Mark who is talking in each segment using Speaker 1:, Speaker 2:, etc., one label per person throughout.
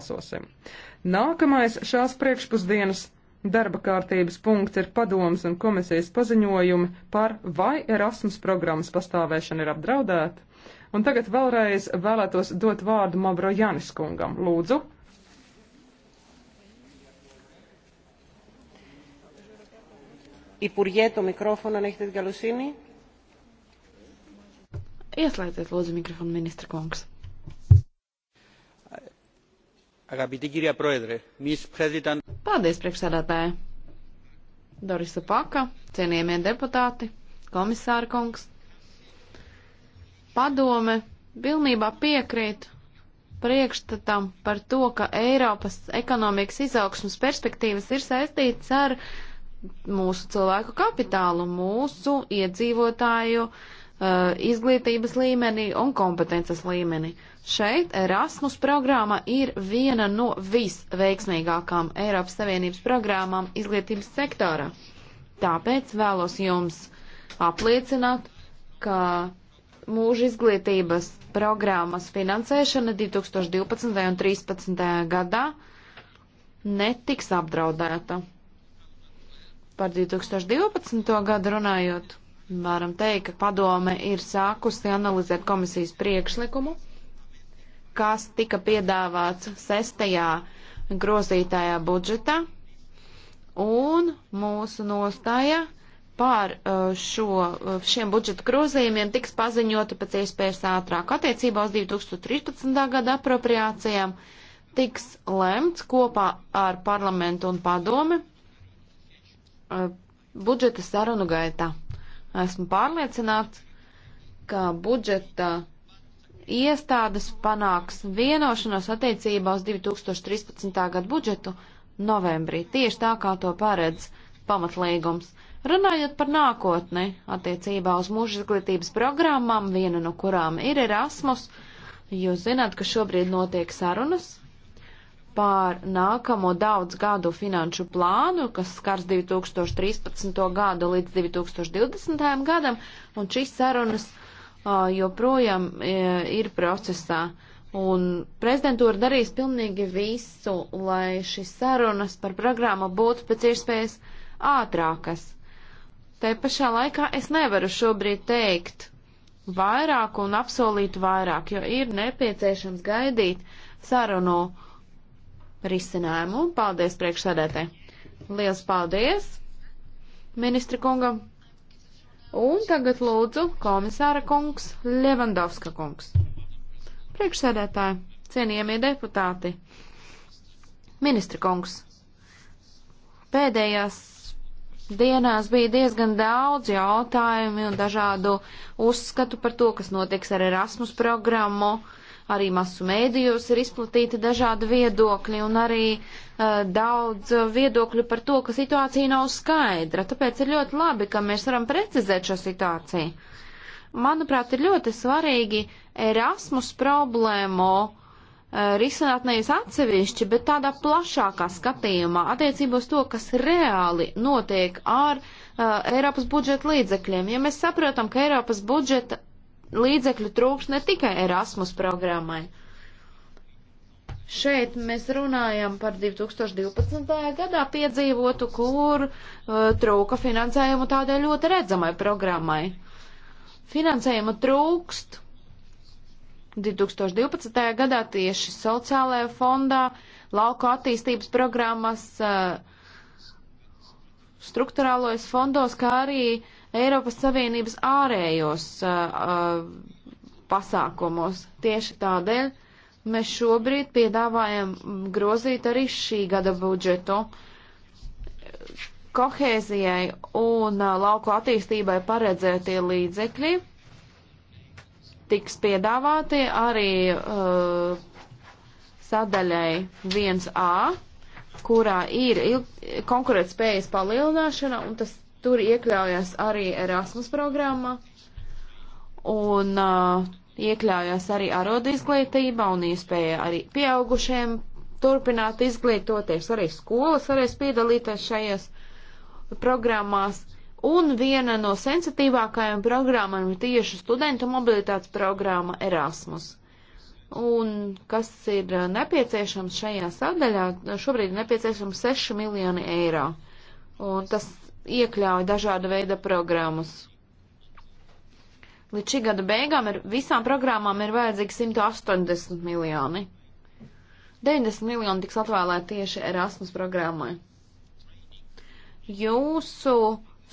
Speaker 1: balsosim. Nākamais šās priekšpusdienas darba kārtības punkts ir padomas un komisijas paziņojumi par vai Erasmus programmas pastāvēšana ir apdraudēta. Un tagad vēlreiz vēlētos dot vārdu Mavro Janis kungam. Lūdzu. Υπουργέ, το μικρόφωνο αν έχετε την καλοσύνη.
Speaker 2: Ieslēdziet, lūdzu, mikrofonu, ministra kungs.
Speaker 3: Paldies,
Speaker 2: priekšsēdētāji! Dorisa Paka, cienījamie deputāti, komisāra kungs. Padome pilnībā piekrīt priekšstatam par to, ka Eiropas ekonomikas izaugsmas perspektīvas ir saistīts ar mūsu cilvēku kapitālu, mūsu iedzīvotāju uh, izglītības līmeni un kompetences līmeni. Uh, Šeit Erasmus programma ir viena no visveiksmīgākām Eiropas Savienības programmām izglītības sektorā. Tāpēc vēlos jums apliecināt, ka mūža izglītības programmas finansēšana 2012. un 2013. gadā netiks apdraudēta. Par 2012. gadu runājot, varam teikt, ka padome ir sākusi analizēt komisijas priekšlikumu kas tika piedāvāts sestajā grozītājā budžetā, un mūsu nostāja par uh, šo, uh, šiem budžeta grozījumiem tiks paziņota pēc iespējas ātrāk. Attiecībā uz 2013. gada apropriācijām tiks lemts kopā ar parlamentu un padomi uh, budžeta sarunu gaitā. Esmu pārliecināts, ka budžeta iestādes panāks vienošanos attiecībā uz 2013. gadu budžetu novembrī, tieši tā kā to paredz pamatlīgums. Runājot par nākotni attiecībā uz mūža izglītības programmām, viena no kurām ir Erasmus, jūs zināt, ka šobrīd notiek sarunas pār nākamo daudz gadu finanšu plānu, kas skars 2013. gadu līdz 2020. gadam, un šīs sarunas joprojām ir procesā. Un prezidentūra darīs pilnīgi visu, lai šīs sarunas par programmu būtu pēc iespējas ātrākas. Te pašā laikā es nevaru šobrīd teikt vairāk un apsolīt vairāk, jo ir nepieciešams gaidīt sarunu risinājumu. Paldies priekšsēdētē. Liels paldies ministra kungam! Un tagad lūdzu komisāra kungs Levandovska kungs. Priekšsēdētāji, cienījamie deputāti, ministra kungs. Pēdējās dienās bija diezgan daudz jautājumu un dažādu uzskatu par to, kas notiks ar Erasmus programmu. Uh, arī masu mēdījos ir izplatīti dažādi viedokļi un arī uh, daudz viedokļu par to, ka situācija nav skaidra. Tāpēc ir ļoti labi, ka mēs varam precizēt šo situāciju. Manuprāt, ir ļoti svarīgi Erasmus problēmu uh, risināt nevis atsevišķi, bet tādā plašākā skatījumā attiecībos to, kas reāli notiek ar uh, Eiropas budžeta līdzekļiem. Ja mēs saprotam, ka Eiropas budžeta līdzekļu trūks ne tikai Erasmus programmai. Šeit mēs runājam par 2012. gadā piedzīvotu, kur uh, trūka finansējumu tādai ļoti redzamai programmai. Finansējumu trūkst 2012. gadā tieši sociālajā fondā, lauku attīstības programmas, uh, struktūrālojas fondos, kā arī Eiropas Savienības ārējos uh, pasākumos. Tieši tādēļ mēs šobrīd piedāvājam grozīt arī šī gada budžetu. Kohēzijai un uh, lauku attīstībai paredzētie līdzekļi tiks piedāvāti arī uh, sadaļai 1A, kurā ir konkurētspējas palielināšana, un tas Tur iekļaujas arī Erasmus programma un uh, iekļaujas arī arodu izglītība un iespēja arī pieaugušiem turpināt izglītoties. Arī skolas varēs piedalīties šajās programmās. Un viena no sensitīvākajām programmām ir tieši studentu mobilitātes programma Erasmus. Un kas ir uh, nepieciešams šajā sadaļā? Šobrīd ir nepieciešams 6 miljoni eiro. Un tas iekļauj dažāda veida programmas. Līdz šī gada beigām ir, visām programmām ir vajadzīgi 180 miljoni. 90 miljoni tiks atvēlēti tieši Erasmus programmai. Jūsu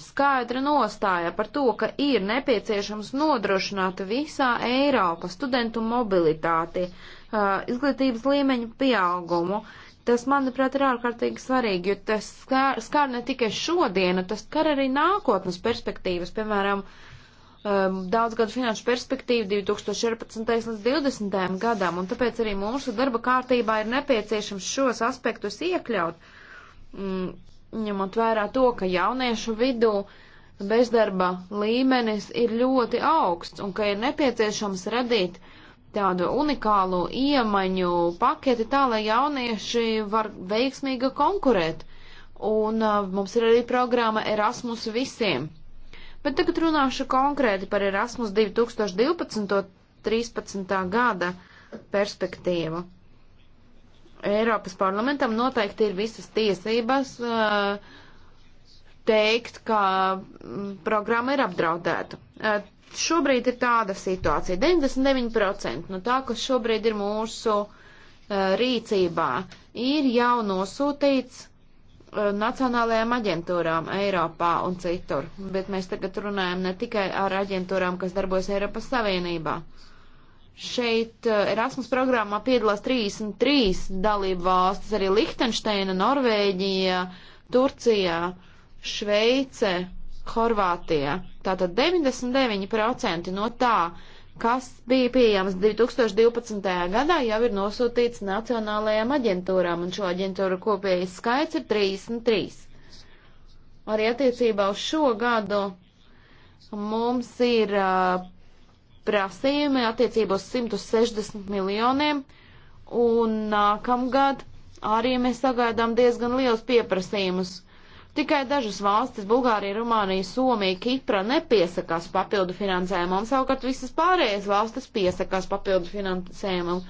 Speaker 2: skaidra nostāja par to, ka ir nepieciešams nodrošināt visā Eiropā studentu mobilitāti, uh, izglītības līmeņu pieaugumu, Tas, manuprāt, ir ārkārtīgi svarīgi, jo tas skar, skar ne tikai šodienu, tas skar arī nākotnes perspektīvas, piemēram, um, daudz gadu finanšu perspektīvu 2014. līdz 2020. gadam, un tāpēc arī mūsu darba kārtībā ir nepieciešams šos aspektus iekļaut, mm, ņemot vērā to, ka jauniešu vidū bezdarba līmenis ir ļoti augsts un ka ir nepieciešams radīt uh, tādu unikālu iemaņu paketi tā, lai jaunieši var veiksmīgi konkurēt. Un uh, mums ir arī programma Erasmus visiem. Bet tagad runāšu konkrēti par Erasmus 2012.13. gada perspektīvu. Eiropas parlamentam noteikti ir visas tiesības uh, teikt, ka mm, programma ir apdraudēta. Uh, šobrīd ir tāda situācija. 99% no tā, kas šobrīd ir mūsu uh, rīcībā, ir jau nosūtīts uh, nacionālajām aģentūrām Eiropā un citur. Bet mēs tagad runājam ne tikai ar aģentūrām, kas darbojas Eiropas Savienībā. Šeit uh, Erasmus programmā piedalās 33 dalību valstis, arī Lihtenšteina, Norvēģija, Turcija, Šveice, Horvātija. Tātad 99% no tā, kas bija pieejams 2012. gadā, jau ir nosūtīts nacionālajām aģentūrām, un šo aģentūru kopējais skaits ir 33. Arī attiecībā uz šo gadu mums ir uh, prasījumi attiecībā uz 160 miljoniem, un nākamgad arī mēs sagaidām diezgan liels pieprasījumus. Tikai dažas valstis, Bulgārija, Rumānija, Somija, Kipra nepiesakās papildu finansējumam, savukārt visas pārējās valstis piesakās papildu finansējumam.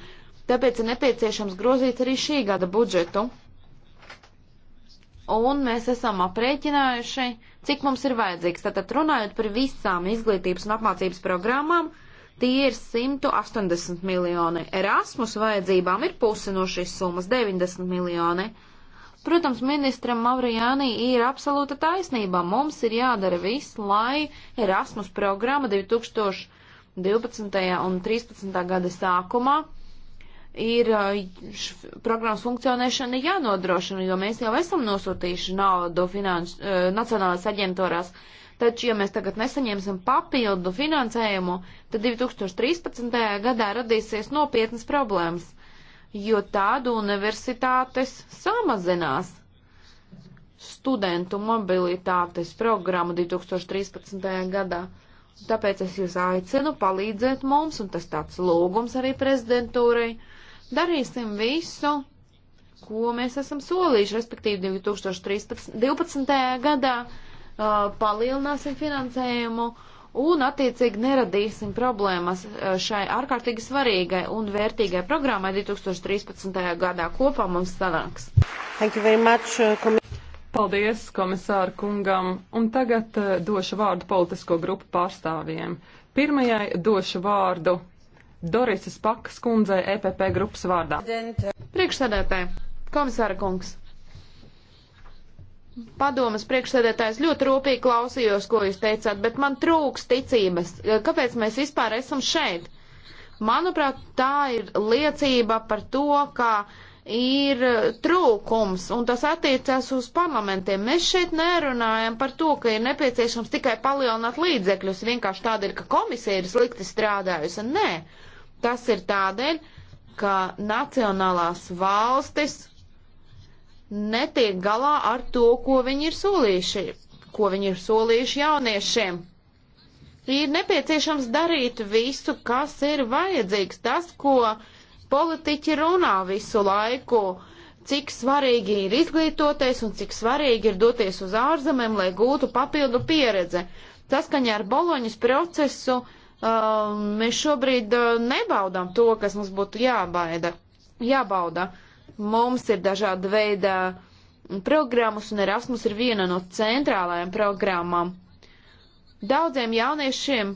Speaker 2: Tāpēc ir nepieciešams grozīt arī šī gada budžetu. Un mēs esam aprēķinājuši, cik mums ir vajadzīgs. Tātad runājot par visām izglītības un apmācības programmām, tie ir 180 miljoni. Erasmus vajadzībām ir pusi no šīs summas - 90 miljoni. Uh, Protams, ministram Maurijānī ir absolūta taisnība. Mums ir jādara viss, lai Erasmus programma 2012. un 2013. gada sākumā ir programmas funkcionēšana jānodrošina, jo mēs jau esam nosūtījuši naudu finanš, nacionālās aģentūrās. Taču, ja mēs tagad nesaņemsim papildu finansējumu, tad 2013. gadā radīsies nopietnas problēmas jo tādu universitātes samazinās. Studentu mobilitātes programmu 2013. gadā. Tāpēc es jūs aicinu palīdzēt mums, un tas tāds lūgums arī prezidentūrai. Darīsim visu, ko mēs esam solījuši, respektīvi 2013. 12. gadā uh, palielināsim finansējumu uh, un attiecīgi neradīsim problēmas e, šai ārkārtīgi svarīgai un vērtīgai programmai 2013. gadā kopā mums sanāks.
Speaker 1: Much,
Speaker 2: komis uh, Paldies komisāru kungam,
Speaker 1: un tagad uh, došu vārdu politisko grupu pārstāvjiem. Pirmajai došu vārdu
Speaker 2: Dorisas Pakas kundzei EPP grupas vārdā. Priekšsēdētāji, komisāra kungs, Padomas priekšsēdētājs ļoti rūpīgi klausījos, ko jūs teicāt, bet man trūks ticības. Kāpēc mēs vispār esam šeit? Manuprāt, tā ir liecība par to, ka ir trūkums, un tas attiecas uz parlamentiem. Mēs šeit nerunājam par to, ka ir nepieciešams tikai palielināt līdzekļus vienkārši tādēļ, ka komisija ir slikti strādājusi. Nē, tas ir tādēļ, ka nacionālās valstis netiek galā ar to, ko viņi ir solījuši, ko viņi ir solījuši jauniešiem. Ir nepieciešams darīt visu, kas ir vajadzīgs, tas, ko politiķi runā visu laiku, cik svarīgi ir izglītoties un cik svarīgi ir doties uz ārzemēm, lai gūtu papildu pieredzi. Saskaņā ar Boloņas procesu uh, mēs šobrīd uh, nebaudām to, kas mums būtu jābaida, jābauda. jābauda Mums ir dažāda veida programmas, un Erasmus ir viena no centrālajām programmām. Daudziem jauniešiem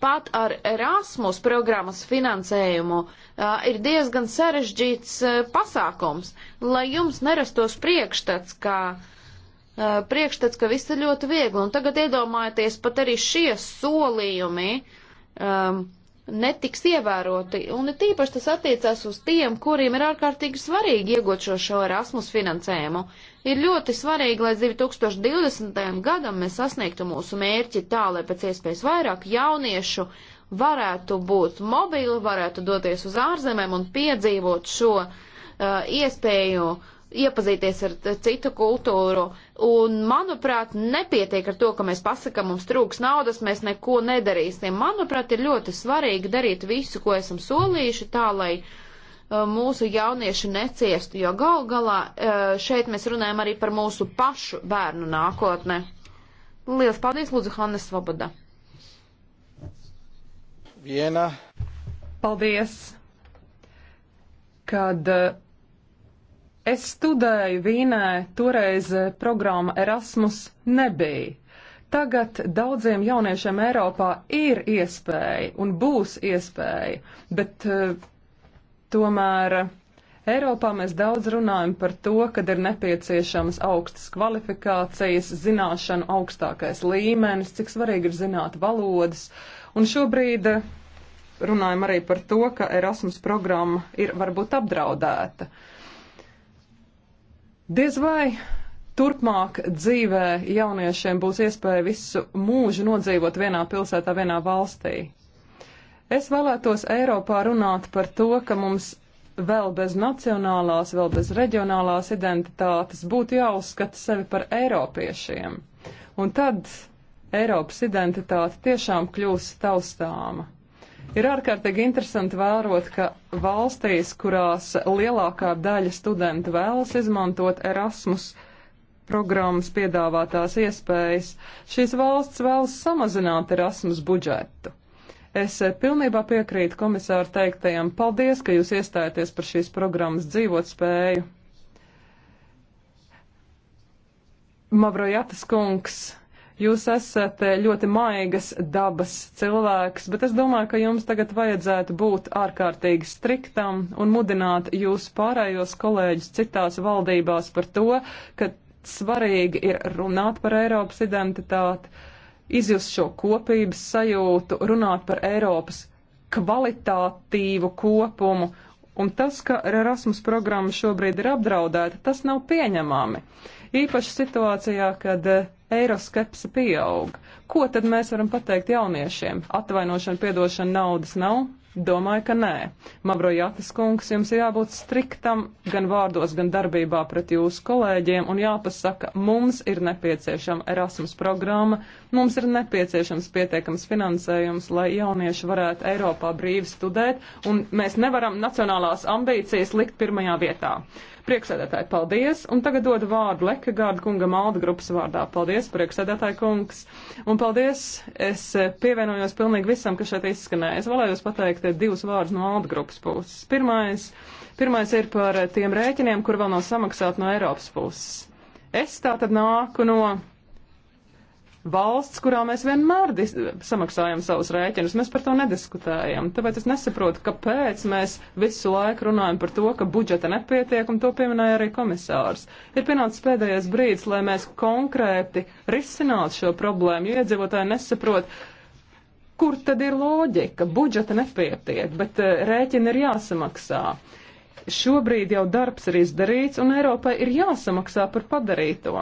Speaker 2: pat ar Erasmus programmas finansējumu uh, ir diezgan sarežģīts uh, pasākums, lai jums nerastos priekšstats, ka, uh, priekšstats, ka viss ir ļoti viegli. Un tagad iedomājieties pat arī šie solījumi. Um, netiks ievēroti, un it īpaši tas attiecās uz tiem, kuriem ir ārkārtīgi svarīgi iegūt šo šo Erasmus finansējumu. Ir ļoti svarīgi, lai 2020. gadam mēs sasniegtu mūsu mērķi tā, lai pēc iespējas vairāk jauniešu varētu būt mobili, varētu doties uz ārzemēm un piedzīvot šo uh, iespēju uh, iepazīties ar citu kultūru. Un, manuprāt, nepietiek ar to, ka mēs pasakam, mums trūks naudas, mēs neko nedarīsim. Manuprāt, ir ļoti svarīgi darīt visu, ko esam solījuši, tā lai uh, mūsu jaunieši neciestu, jo gal galā uh, šeit mēs runājam arī par mūsu pašu bērnu nākotnē. Lielas paldies, Lūdzu, Hannes Svoboda.
Speaker 3: Viena.
Speaker 1: Paldies. Kad uh, Es studēju Vīnē, toreiz eh, programma Erasmus nebija. Tagad daudziem jauniešiem Eiropā ir iespēja un būs iespēja, bet eh, tomēr Eiropā mēs daudz runājam par to, kad ir nepieciešams augstas kvalifikācijas, zināšanu augstākais līmenis, cik svarīgi ir zināt valodas. Un šobrīd eh, runājam arī par to, ka Erasmus programma ir varbūt apdraudēta. Uh, Diez vai turpmāk dzīvē jauniešiem būs iespēja visu mūžu nodzīvot vienā pilsētā, vienā valstī. Es vēlētos Eiropā runāt par to, ka mums vēl bez nacionālās, vēl bez reģionālās identitātes būtu jāuzskata sevi par eiropiešiem. Un tad Eiropas identitāte tiešām kļūs taustāma. Ir ārkārtīgi interesanti vērot, ka valstīs, kurās lielākā daļa studentu vēlas izmantot Erasmus programmas piedāvātās iespējas, šīs valsts vēlas samazināt Erasmus budžetu. Es pilnībā piekrītu komisāru teiktajam, paldies, ka jūs iestājaties par šīs programmas dzīvotspēju. Mavrojatas kungs Jūs esat eh, ļoti maigas dabas cilvēks, bet es domāju, ka jums tagad vajadzētu būt ārkārtīgi striktam un mudināt jūs pārējos kolēģus citās valdībās par to, ka svarīgi ir runāt par Eiropas identitāti, izjust šo kopības sajūtu, runāt par Eiropas kvalitatīvu kopumu Un tas, ka Erasmus programma šobrīd ir apdraudēta, tas nav pieņemami. Īpaši situācijā, kad eh, eiroskepse pieaug. Ko tad mēs varam pateikt jauniešiem? Atvainošana, piedošana naudas nav? Domāju, ka nē. Mavro Jātis kungs, jums ir jābūt striktam gan vārdos, gan darbībā pret jūsu kolēģiem un jāpasaka, mums ir nepieciešama Erasmus programma, mums ir nepieciešams pietiekams finansējums, lai jaunieši varētu Eiropā brīvi studēt, un mēs nevaram nacionālās ambīcijas likt pirmajā vietā. Uh, Prieksēdētāji, paldies, un tagad dodu vārdu Lekagārda kungam Alda grupas vārdā. Paldies, prieksēdētāji kungs, un paldies, es eh, pievienojos pilnīgi visam, kas šeit izskanēja. Es vēlējos pateikt eh, divus vārdus no Alda grupas puses. Pirmais, pirmais ir par eh, tiem rēķiniem, kur vēl nav samaksāt no Eiropas puses. Es tā tad nāku no valsts, kurā mēs vienmēr samaksājam savus rēķinus. Mēs par to nediskutējam. Tāpēc es nesaprotu, kāpēc mēs visu laiku runājam par to, ka budžeta nepietiek, un to pieminēja arī komisārs. Ir pienācis pēdējais brīdis, lai mēs konkrēti risinātu šo problēmu, jo iedzīvotāji nesaprot, kur tad ir loģika? Budžeta nepietiek, bet eh, rēķini ir jāsamaksā. Šobrīd jau darbs ir izdarīts, un Eiropai ir jāsamaksā par padarīto.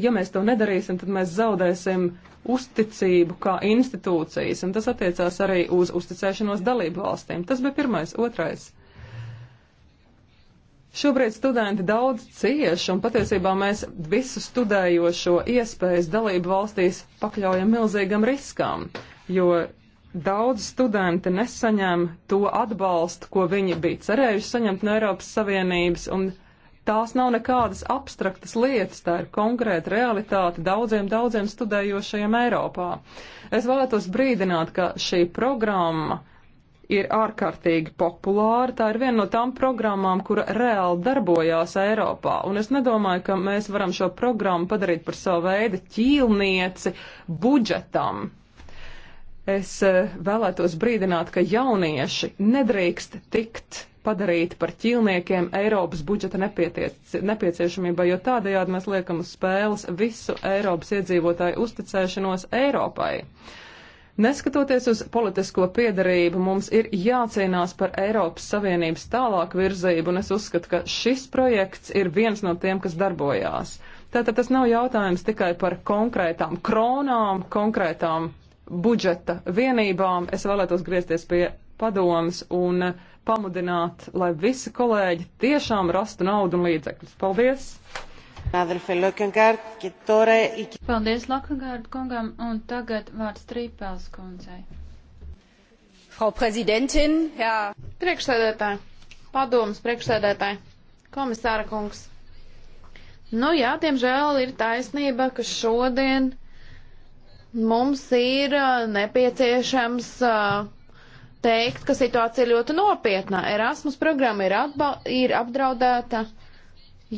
Speaker 1: Ja mēs to nedarīsim, tad mēs zaudēsim uzticību kā institūcijas, un tas attiecās arī uz uzticēšanos dalību valstīm. Tas bija pirmais. Otrais. Šobrīd studenti daudz cieš, un patiesībā mēs visu studējošo iespējas dalību valstīs pakļaujam milzīgam riskam, jo daudz studenti nesaņem to atbalstu, ko viņi bija cerējuši saņemt no Eiropas Savienības, un Tās nav nekādas abstraktas lietas, tā ir konkrēta realitāte daudziem, daudziem studējošajiem Eiropā. Es vēlētos brīdināt, ka šī programma ir ārkārtīgi populāra. Tā ir viena no tām programmām, kura reāli darbojās Eiropā. Un es nedomāju, ka mēs varam šo programmu padarīt par savu veidu ķīlnieci budžetam. Es eh, vēlētos brīdināt, ka jaunieši nedrīkst tikt padarīti par ķīlniekiem Eiropas budžeta nepieciešamībā, jo tādējādi mēs liekam uz spēles visu Eiropas iedzīvotāju uzticēšanos Eiropai. Neskatoties uz politisko piedarību, mums ir jācīnās par Eiropas Savienības tālāku virzību, un es uzskatu, ka šis projekts ir viens no tiem, kas darbojās. Tātad tas nav jautājums tikai par konkrētām kronām, konkrētām budžeta vienībām, es vēlētos griezties pie padomas un pamudināt, lai visi kolēģi tiešām rastu naudu un līdzekļus. Paldies!
Speaker 3: Paldies Lakagārdu kungam un tagad vārds Trīpels kundzei.
Speaker 2: Frau Präsidentin, Herr Priekšsēdētāji, padomas priekšsēdētāji, komisāra kungs. Nu jā, diemžēl ir taisnība, ka šodien Mums ir nepieciešams teikt, ka situācija ir ļoti nopietna. Erasmus programma ir, atba, ir apdraudēta.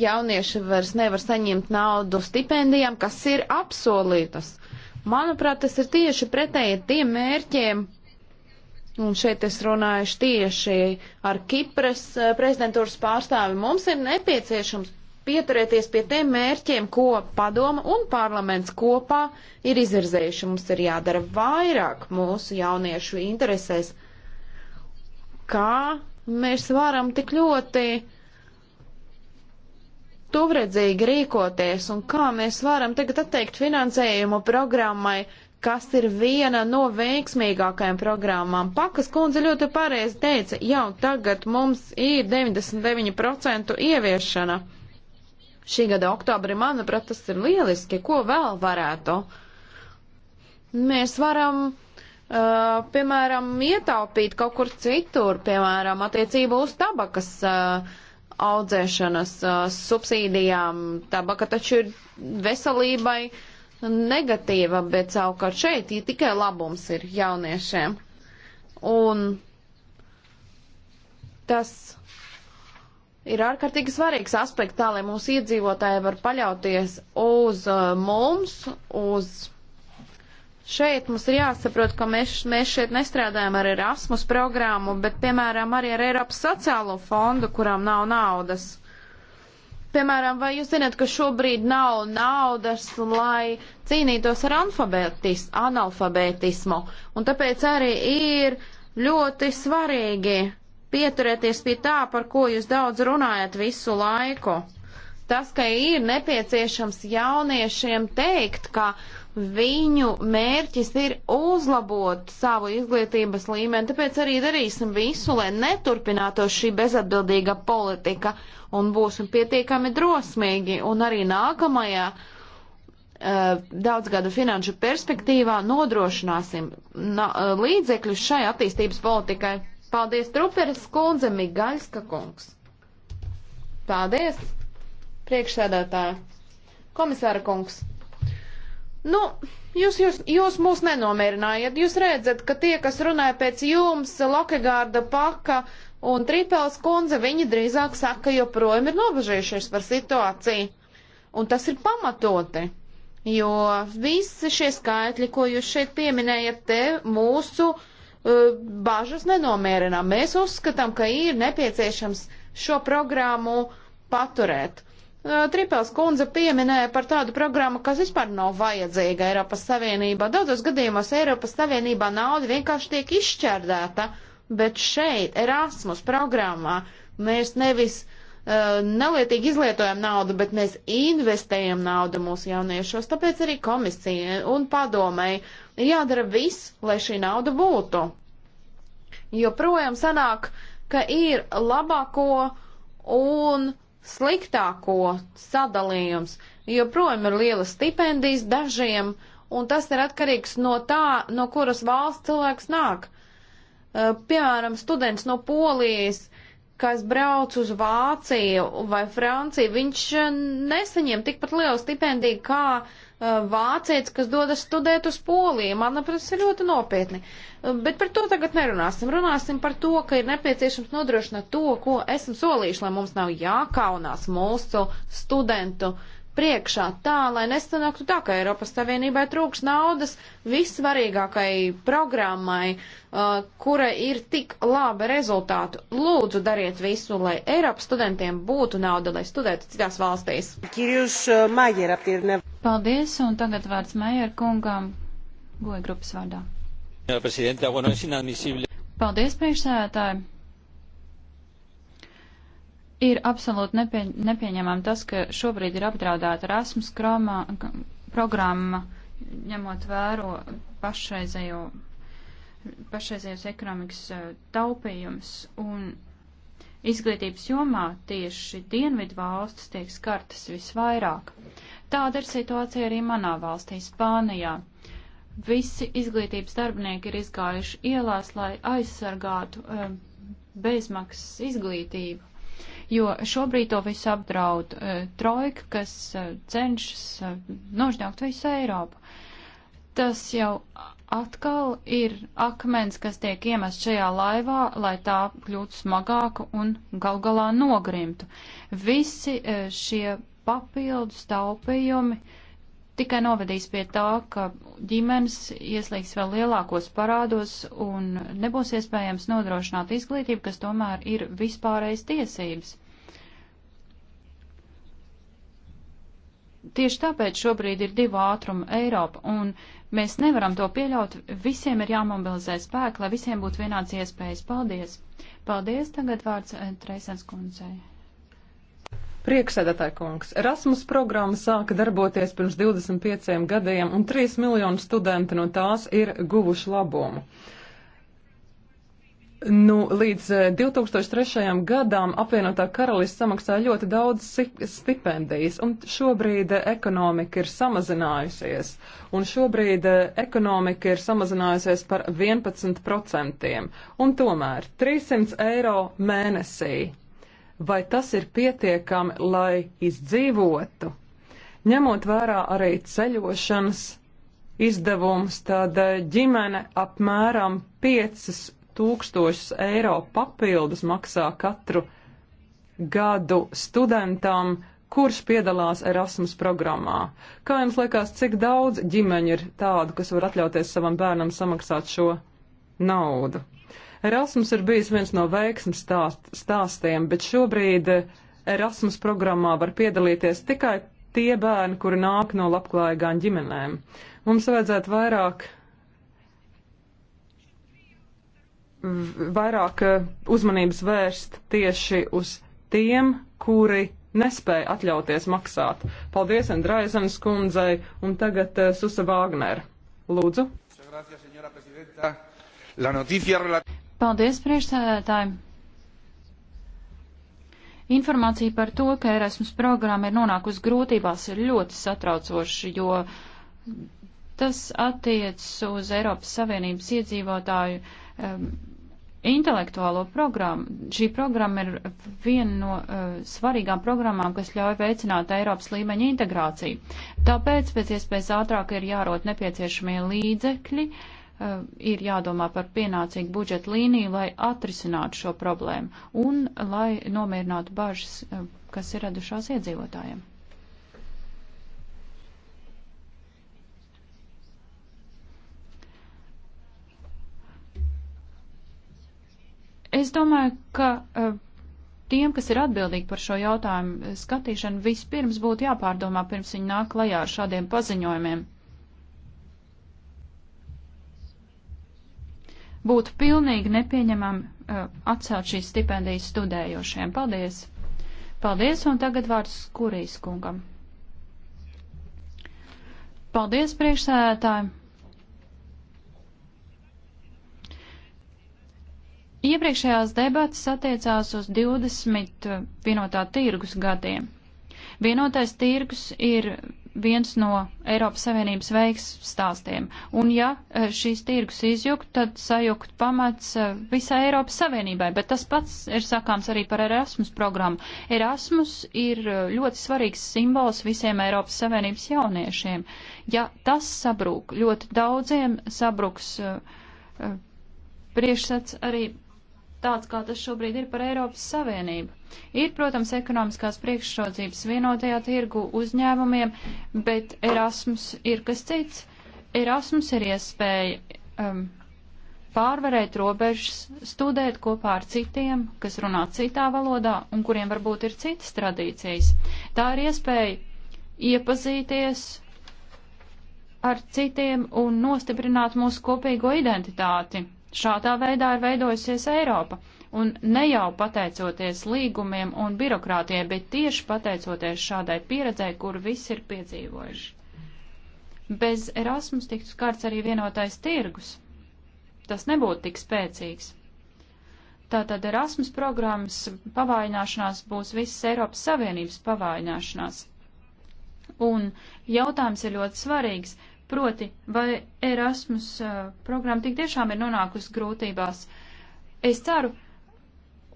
Speaker 2: Jaunieši vairs nevar saņemt naudu stipendijām, kas ir apsolītas. Manuprāt, tas ir tieši pretēji tiem mērķiem, Un šeit es runāju tieši ar Kipras prezidentūras pārstāvi. Mums ir nepieciešams pieturēties pie tiem mērķiem, ko padoma un parlaments kopā ir izvirzējuši. Mums ir jādara vairāk mūsu jauniešu interesēs. Kā mēs varam tik ļoti tuvredzīgi rīkoties un kā mēs varam tagad atteikt finansējumu programmai, kas ir viena no veiksmīgākajām programmām. Pakas kundze ļoti pareizi teica, jau tagad mums ir 99% ieviešana šī gada oktobri, manuprāt, tas ir lieliski. Ko vēl varētu? Mēs varam, uh, piemēram, ietaupīt kaut kur citur, piemēram, attiecībā uz tabakas uh, audzēšanas uh, subsīdijām. Tabaka taču ir veselībai negatīva, bet savukārt šeit ja tikai labums ir jauniešiem. Un tas ir ārkārtīgi svarīgs aspekts tā, lai mūsu iedzīvotāji var paļauties uz uh, mums, uz šeit mums ir jāsaprot, ka mēs, mēs šeit nestrādājam ar Erasmus programmu, bet, piemēram, arī ar Eiropas sociālo fondu, kurām nav naudas. Piemēram, vai jūs zināt, ka šobrīd nav naudas, lai cīnītos ar analfabētismu, un tāpēc arī ir ļoti svarīgi pieturēties pie tā, par ko jūs daudz runājat visu laiku. Tas, ka ir nepieciešams jauniešiem teikt, ka viņu mērķis ir uzlabot savu izglītības līmeni, tāpēc arī darīsim visu, lai neturpinātos šī bezatbildīga politika un būsim pietiekami drosmīgi un arī nākamajā eh, daudzgada finanšu perspektīvā nodrošināsim eh, līdzekļus šai attīstības politikai. Paldies, Truperis kundze, Migaļska kungs. Paldies, priekšsēdētāja. Komisāra kungs. Nu, jūs, jūs, jūs mūs nenomierinājat. Jūs redzat, ka tie, kas runāja pēc jums, Lokegārda paka un Tripels kundze, viņi drīzāk saka, joprojām ir nobežījušies par situāciju. Un tas ir pamatoti, jo visi šie skaitļi, ko jūs šeit pieminējat, te mūsu uh, bažas nenomierinā. Mēs uzskatām, ka ir nepieciešams šo programmu paturēt. Tripels kundze pieminēja par tādu programmu, kas vispār nav vajadzīga Eiropas Savienībā. Daudzos gadījumos Eiropas Savienībā nauda vienkārši tiek izšķērdēta, bet šeit Erasmus programmā mēs nevis uh, nelietīgi izlietojam naudu, bet mēs investējam naudu mūsu jauniešos. Tāpēc arī komisija un padomēji uh, ir jādara viss, lai šī nauda būtu. Jo projām sanāk, ka ir labāko un sliktāko sadalījums, jo projām ir liela stipendijas dažiem, un tas ir atkarīgs no tā, no kuras valsts cilvēks nāk. Eh, piemēram, students no Polijas, kas brauc uz Vāciju vai Franciju, viņš eh, nesaņem tikpat lielu stipendiju kā uh, vācietis, kas dodas studēt uz Poliju. Manuprāt, tas ir ļoti nopietni. Bet par to tagad nerunāsim. Runāsim par to, ka ir nepieciešams nodrošināt to, ko esam solījuši, lai mums nav jākaunās mūsu studentu uh, priekšā tā, lai nestanāktu tā, ka Eiropas Savienībai trūks naudas vissvarīgākai programmai, uh, kura ir tik laba rezultātu. Lūdzu, dariet visu, lai Eiropas studentiem būtu nauda, lai studētu citās valstīs. Uh, Paldies, un tagad vārds
Speaker 3: Meijer kungam, goja grupas vārdā. Paldies, priekšsēdētāji. Ir absolūti nepie, nepieņemam tas, ka šobrīd ir apdraudēta Rasmus kroma, programma, ņemot vēro pašreizējo, pašreizējos ekonomikas e, taupījums un Izglītības jomā tieši dienvidu valstis tiek skartas visvairāk. Tāda ir situācija arī manā valstī, Spānijā. Visi izglītības darbinieki ir izgājuši ielās, lai aizsargātu e, bezmaksas izglītību jo šobrīd to visu apdraud e, trojka, kas e, cenšas e, nožņaukt visu Eiropu. Tas jau atkal ir akmens, kas tiek iemests šajā laivā, lai tā kļūtu smagāka un gal galā nogrimtu. Visi šie papildus taupījumi uh, tikai novedīs pie tā, ka ģimenes ieslīgs vēl lielākos parādos un nebūs iespējams nodrošināt izglītību, kas tomēr ir vispārējais tiesības. Tieši tāpēc šobrīd ir divu ātrumu Eiropa, un mēs nevaram to pieļaut. Visiem ir jāmobilizē spēki, lai visiem būtu vienāds iespējas. Paldies! Paldies! Tagad vārds eh, Treisens kundzei.
Speaker 1: Prieksēdētāji kungs, Erasmus programma sāka darboties pirms 25 gadiem, un 3 miljoni studenti no tās ir guvuši labumu. Nu, līdz 2003. Eh, gadam apvienotā karalists samaksāja ļoti daudz stipendijas, un šobrīd eh, ekonomika ir samazinājusies, un šobrīd eh, ekonomika ir samazinājusies par 11%, un tomēr 300 eiro mēnesī vai tas ir pietiekami, lai izdzīvotu. Ņemot vērā arī ceļošanas izdevums, tad eh, ģimene apmēram 5000 eiro papildus maksā katru gadu studentam, kurš piedalās Erasmus programmā. Kā jums liekas, cik daudz ģimeņu ir tādu, kas var atļauties savam bērnam samaksāt šo naudu? Erasmus ir bijis viens no veiksmes stāst, stāstiem, bet šobrīd eh, Erasmus programmā var piedalīties tikai tie bērni, kuri nāk no labklājīgām ģimenēm. Mums vajadzētu vairāk vairāk eh, uzmanības vērst tieši uz tiem, kuri nespēja atļauties maksāt. Paldies Andraizanas kundzei un tagad uh, Susa Vāgner. Lūdzu.
Speaker 3: Paldies priekšsēdētājiem! Informācija par to, ka Erasmus programma ir nonākusi grūtībās, ir ļoti satraucoša, jo tas attiec uz Eiropas Savienības iedzīvotāju um, intelektuālo programmu. Šī programma ir viena no uh, svarīgām programmām, kas ļauj veicināt Eiropas līmeņa integrāciju. Tāpēc pēc iespējas ātrāk ir jārot nepieciešamie līdzekļi, uh, Eh, ir jādomā par pienācīgu budžeta līniju, lai atrisinātu šo problēmu un lai nomierinātu bažas, eh, kas ir radušās iedzīvotājiem. Es domāju, ka eh, tiem, kas ir atbildīgi par šo jautājumu skatīšanu, vispirms būtu jāpārdomā, pirms viņi nāk klajā ar šādiem paziņojumiem. Būtu pilnīgi nepieņemami uh, atcelt šīs stipendijas studējošiem. Paldies! Paldies, un tagad vārds Kurijas kungam. Paldies, priekšsēdētāji! Iepriekšējās debatas attiecās uz 20 uh, vienotā tirgus gadiem. Vienotais tirgus ir viens no Eiropas Savienības veiksmes stāstiem. Un ja e, šīs tirgus izjukt, tad sajukt pamats e, visai Eiropas Savienībai, bet tas pats ir sakāms arī par Erasmus programmu. Erasmus ir e, ļoti svarīgs simbols visiem Eiropas Savienības jauniešiem. Ja tas sabrūk, ļoti daudziem sabruks priekšsats arī tāds, kā tas šobrīd ir par Eiropas Savienību. Ir, protams, ekonomiskās priekšrocības vienotajā tirgu uzņēmumiem, bet Erasmus ir kas cits. Erasmus ir iespēja um, pārvarēt robežas, studēt kopā ar citiem, kas runā citā valodā un kuriem varbūt ir citas tradīcijas. Tā ir iespēja iepazīties ar citiem un nostiprināt mūsu kopīgo identitāti. Šādā veidā ir veidojusies Eiropa. Un ne jau pateicoties līgumiem un birokrātiem, bet tieši pateicoties šādai pieredzē, kur viss ir piedzīvojuši. Bez Erasmus tiktu skarts arī vienotais tirgus. Tas nebūtu tik spēcīgs. Tātad Erasmus programmas pavājināšanās būs visas Eiropas Savienības pavājināšanās. Un jautājums ir ļoti svarīgs Proti, vai Erasmus uh, programma tik tiešām ir nonākusi grūtībās? Es ceru,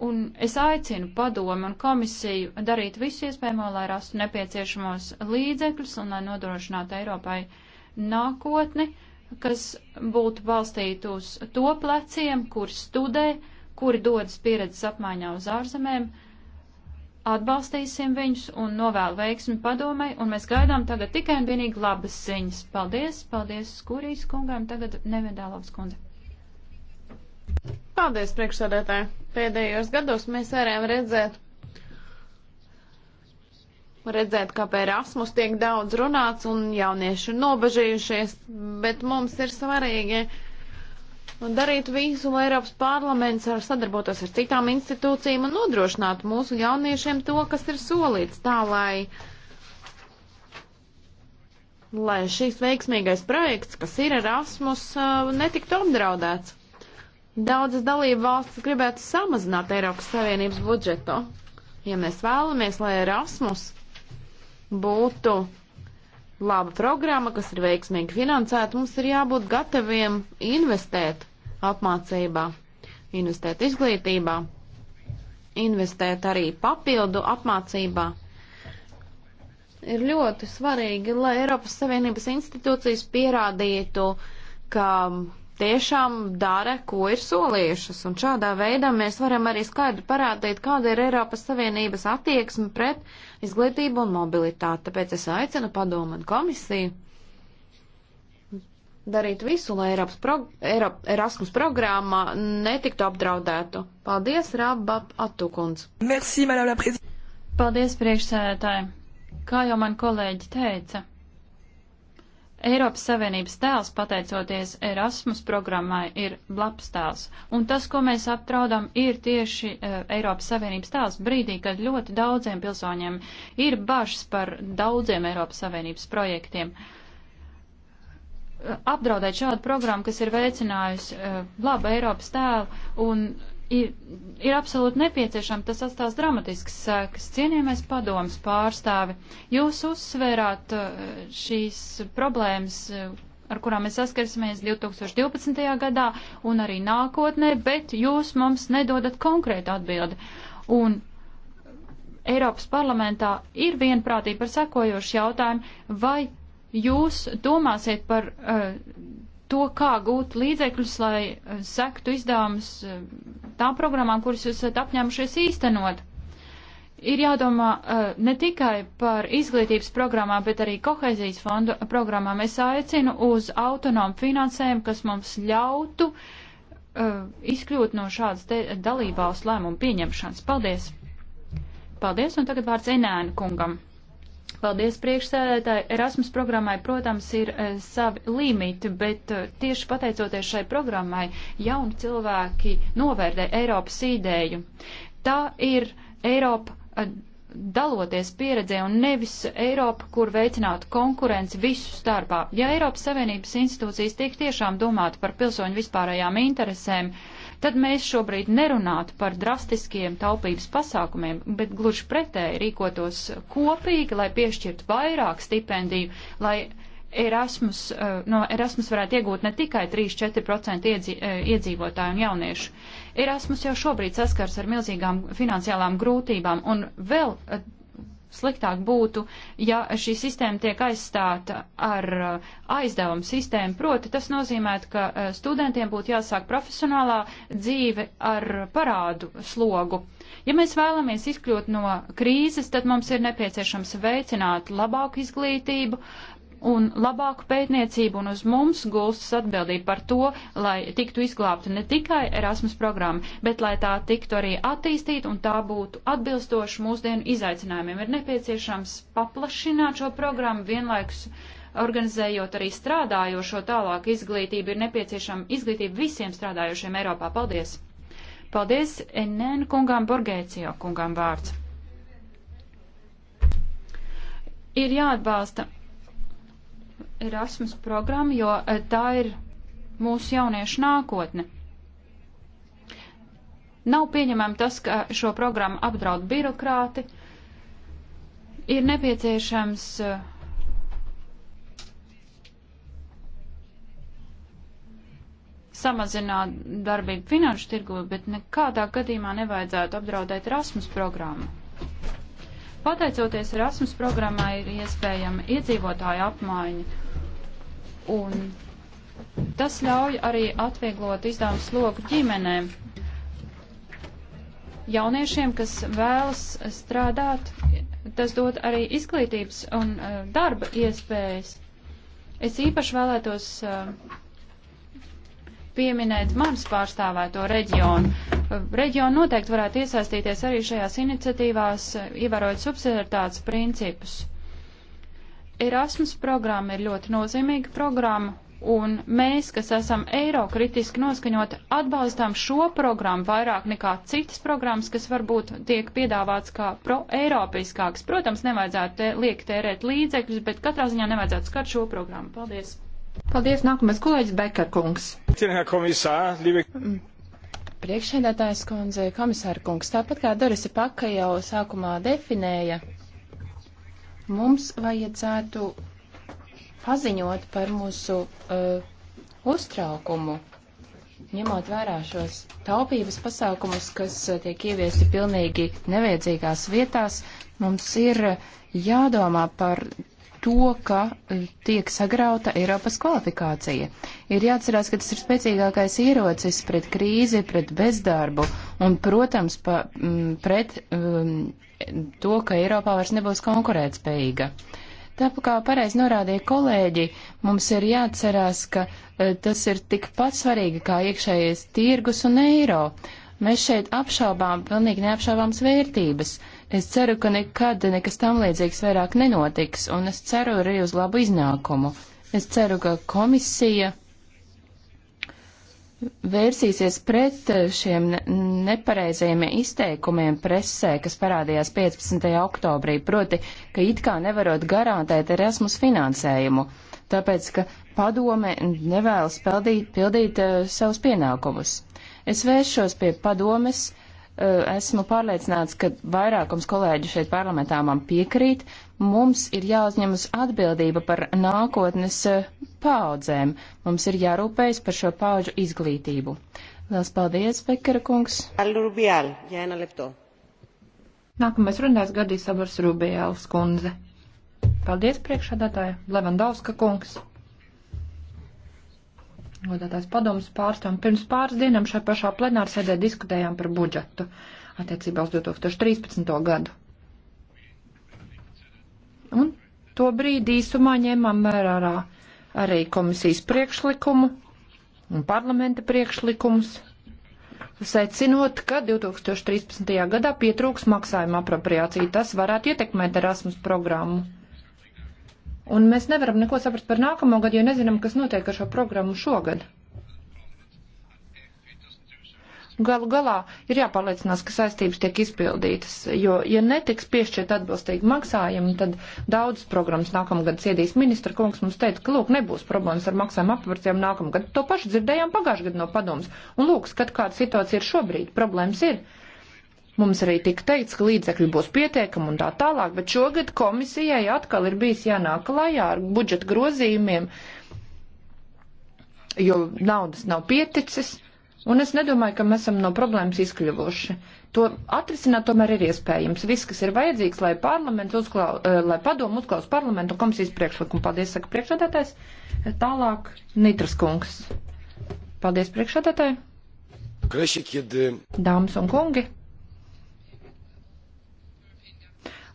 Speaker 3: un es aicinu padomu un komisiju darīt visu iespējamo, lai rastu nepieciešamos līdzekļus un lai nodrošinātu Eiropai nākotni, kas būtu balstīta uz to pleciem, kur studē, kuri dodas pieredzes apmaiņā uz ārzemēm, uh, atbalstīsim viņus un novēlu veiksmi padomai, un mēs gaidām tagad tikai un vienīgi labas ziņas. Paldies,
Speaker 2: paldies Skurijas kungām, tagad Nevedālovas kundze. Paldies, priekšsādātāji. Pēdējos gados mēs varējām redzēt, redzēt, kā par Erasmus tiek daudz runāts un jaunieši nobežījušies, bet mums ir svarīgi un darītu visu, lai Eiropas parlaments ar sadarbotos ar citām institūcijām un nodrošinātu mūsu jauniešiem to, kas ir solīts, tā lai, lai šis veiksmīgais projekts, kas ir Erasmus, uh, netiktu apdraudēts. Daudzas dalību valstis gribētu samazināt Eiropas Savienības budžetu. Ja mēs vēlamies, lai Erasmus būtu laba programma, kas ir veiksmīgi finansēta, mums ir jābūt gataviem investēt apmācībā, investēt izglītībā, investēt arī papildu apmācībā. Ir ļoti svarīgi, lai Eiropas Savienības institūcijas pierādītu, ka tiešām dara, ko ir solījušas. Un šādā veidā mēs varam arī skaidri parādīt, kāda ir Eiropas Savienības attieksme pret izglītību un mobilitāti. Tāpēc es aicinu padomu un komisiju darīt visu, lai Eiropas prog Eirop Erasmus programma netiktu apdraudētu. Paldies, Rabba Atukunds. Merci, Paldies,
Speaker 3: priekšsēdētāji. Kā jau man kolēģi teica, Eiropas Savienības tēls, pateicoties Erasmus programmai, ir labs tēls. Un tas, ko mēs aptraudam, ir tieši uh, Eiropas Savienības tēls brīdī, kad ļoti daudziem pilsoņiem ir bažas par daudziem Eiropas Savienības projektiem. Eh, apdraudēt šādu programmu, kas ir veicinājusi uh, labu Eiropas tēlu un ir, ir absolūti nepieciešama, tas atstās dramatiskas sēkas. Cienījamais padoms pārstāvi, jūs uzsvērāt eh, šīs problēmas, eh, ar kurām mēs saskarsimies 2012. gadā un arī nākotnē, bet jūs mums nedodat konkrētu atbildi. Un Eiropas parlamentā ir vienprātība par sekojošu jautājumu, vai jūs domāsiet par uh, to, kā gūt līdzekļus, lai eh, sektu izdevumus eh, tām programmām, kuras jūs esat apņēmušies īstenot. Ir jādomā eh, ne tikai par izglītības programmām, bet arī kohēzijas fondu programmām. Es aicinu uz autonomu finansējumu, kas mums ļautu izkļūt no šādas dalībvalsts lēmumu pieņemšanas. Paldies! Paldies, un tagad vārds Enēna kungam. Paldies priekšsēdētāji. Erasmus programmai, protams, ir e, savi limiti, bet e, tieši pateicoties šai programmai, jauni cilvēki novērtē Eiropas ideju. Tā ir Eiropa e, daloties pieredzē un nevis Eiropa, kur veicinātu konkurenci visu starpā. Ja Eiropas Savienības institūcijas tiek tiešām domāt par pilsoņu vispārējām interesēm, uh, tad mēs šobrīd nerunātu par drastiskiem taupības pasākumiem, bet gluži pretēji rīkotos kopīgi, lai piešķirtu vairāk stipendiju, lai Erasmus, eh, no Erasmus varētu iegūt ne tikai 3-4% iedzi, eh, iedzīvotāju un jauniešu. Erasmus jau šobrīd saskars ar milzīgām finansiālām grūtībām un vēl eh, sliktāk būtu, ja šī sistēma tiek aizstāta ar uh, aizdevumu sistēmu. Proti, tas nozīmē, ka uh, studentiem būtu jāsāk profesionālā dzīve ar parādu slogu. Ja mēs vēlamies izkļūt no krīzes, tad mums ir nepieciešams veicināt labāku izglītību, un labāku pētniecību, un uz mums gulstas atbildība par to, lai tiktu izglābta ne tikai Erasmus programma, bet lai tā tiktu arī attīstīta un tā būtu atbilstoša mūsdienu izaicinājumiem. Ir nepieciešams paplašināt šo programmu vienlaikus. Organizējot arī strādājošo tālāk izglītību, ir nepieciešama izglītība visiem strādājošiem Eiropā. Paldies! Paldies NN kungām Borgēcijo kungām vārds. Ir jāatbalsta Erasmus programmu, jo eh, tā ir mūsu jauniešu nākotne. Nav pieņemami tas, ka šo programmu apdraud birokrāti. Ir nepieciešams eh, samazināt darbību finanšu tirgu, bet nekādā gadījumā nevajadzētu apdraudēt Erasmus programmu. Pateicoties Erasmus programmai, ir iespējama iedzīvotāja apmaiņa Un tas ļauj arī atvieglot izdevumu slogu ģimenēm. Jauniešiem, kas vēlas strādāt, tas dod arī izglītības un uh, darba iespējas. Es īpaši vēlētos uh, pieminēt manas pārstāvēto reģionu. Reģionu noteikti varētu iesaistīties arī šajās iniciatīvās, eh, ievērojot subsidiaritātes principus. Erasmus programma ir ļoti nozīmīga programma, un mēs, kas esam eiro kritiski noskaņoti, atbalstām šo programmu vairāk nekā citas programmas, kas varbūt tiek piedāvāts kā pro-eiropiskāks. Protams, nevajadzētu lieki tērēt līdzekļus, bet katrā ziņā nevajadzētu skart šo programmu. Paldies!
Speaker 4: Paldies, nākamais kolēģis Bekarkungs.
Speaker 2: Mm.
Speaker 3: Priekšsēdētājs
Speaker 5: kundze, komisāra kungs, tāpat kā Dorisa Paka jau sākumā definēja, mums vajadzētu paziņot par mūsu uh, uztraukumu, ņemot vērā šos taupības pasākumus, kas uh, tiek ieviesti pilnīgi nevajadzīgās vietās. Mums ir uh, jādomā par to, ka uh, tiek sagrauta Eiropas kvalifikācija. Ir jāatcerās, ka tas ir spēcīgākais ierocis pret krīzi, pret bezdarbu un, protams, pa, m, mm, pret m, um, to, ka Eiropā vairs nebūs konkurētspējīga. Tāpēc, kā pareizi norādīja kolēģi, mums ir jāatcerās, ka e, tas ir tikpat svarīgi kā iekšējais tirgus un eiro. Mēs šeit apšaubām pilnīgi neapšaubāms vērtības. Es ceru, ka nekad nekas tam līdzīgs vairāk nenotiks, un es ceru arī uz labu iznākumu. Es ceru, ka komisija vērsīsies pret eh, šiem nepareizajiem izteikumiem presē, kas parādījās 15. oktobrī, proti, ka it kā nevarot garantēt Erasmus finansējumu, tāpēc, ka padome nevēlas pildīt, pildīt uh, eh, savus pienākumus. Es vēršos pie padomes, uh, esmu pārliecināts, ka vairākums kolēģu šeit parlamentā man piekrīt, mums ir jāuzņemas atbildība par nākotnes uh, paudzēm. Mums ir jārūpējas par šo paudžu izglītību. Lielas paldies, Pekara kungs.
Speaker 6: Alrubial, Jēna Lepto.
Speaker 4: Nākamais runās gadīs Abars Rubijāls kundze. Paldies, priekšādātāja, Levandauska kungs. Godātās padomas pārstāvam. Pirms pāris dienām šajā pašā plenāra sēdē diskutējām par budžetu attiecībā uz 2013. gadu. Un to brīdi īsumā ņēmām vērā arī komisijas priekšlikumu un parlamenta priekšlikumus, secinot, ka 2013. gadā pietrūks maksājuma apropriācija. Tas varētu ietekmēt Erasmus programmu. Un mēs nevaram neko saprast par nākamo gadu, jo nezinām, kas notiek ar šo programmu šogad. Galu galā ir jāpārliecinās, ka saistības tiek izpildītas, jo, ja netiks piešķirt atbilstīgi maksājumi, tad daudzas programmas nākamgad ciedīs. Ministra kungs mums teica, ka, lūk, nebūs problēmas ar maksājumu apvērtiem nākamgad. To pašu dzirdējām pagājušajā gadā no padomas. Un, lūk, skat, kāda situācija ir šobrīd. Problēmas ir. Mums arī tika teikts, ka līdzekļi būs pietiekami un tā tālāk, bet šogad komisijai atkal ir bijis jānāk klajā ar budžeta grozījumiem, jo naudas nav pieticis Un es nedomāju, ka mēs esam no problēmas izkļuvuši. To atrisināt tomēr ir iespējams. Viss, kas ir vajadzīgs, lai, uzklau, eh, lai padomu uzklaus parlamentu komisijas priekšlikumu. Paldies, saka priekšsādātājs. Tālāk Nitras kungs. Paldies priekšsādātāji.
Speaker 3: Eh,
Speaker 4: Dāmas un kungi.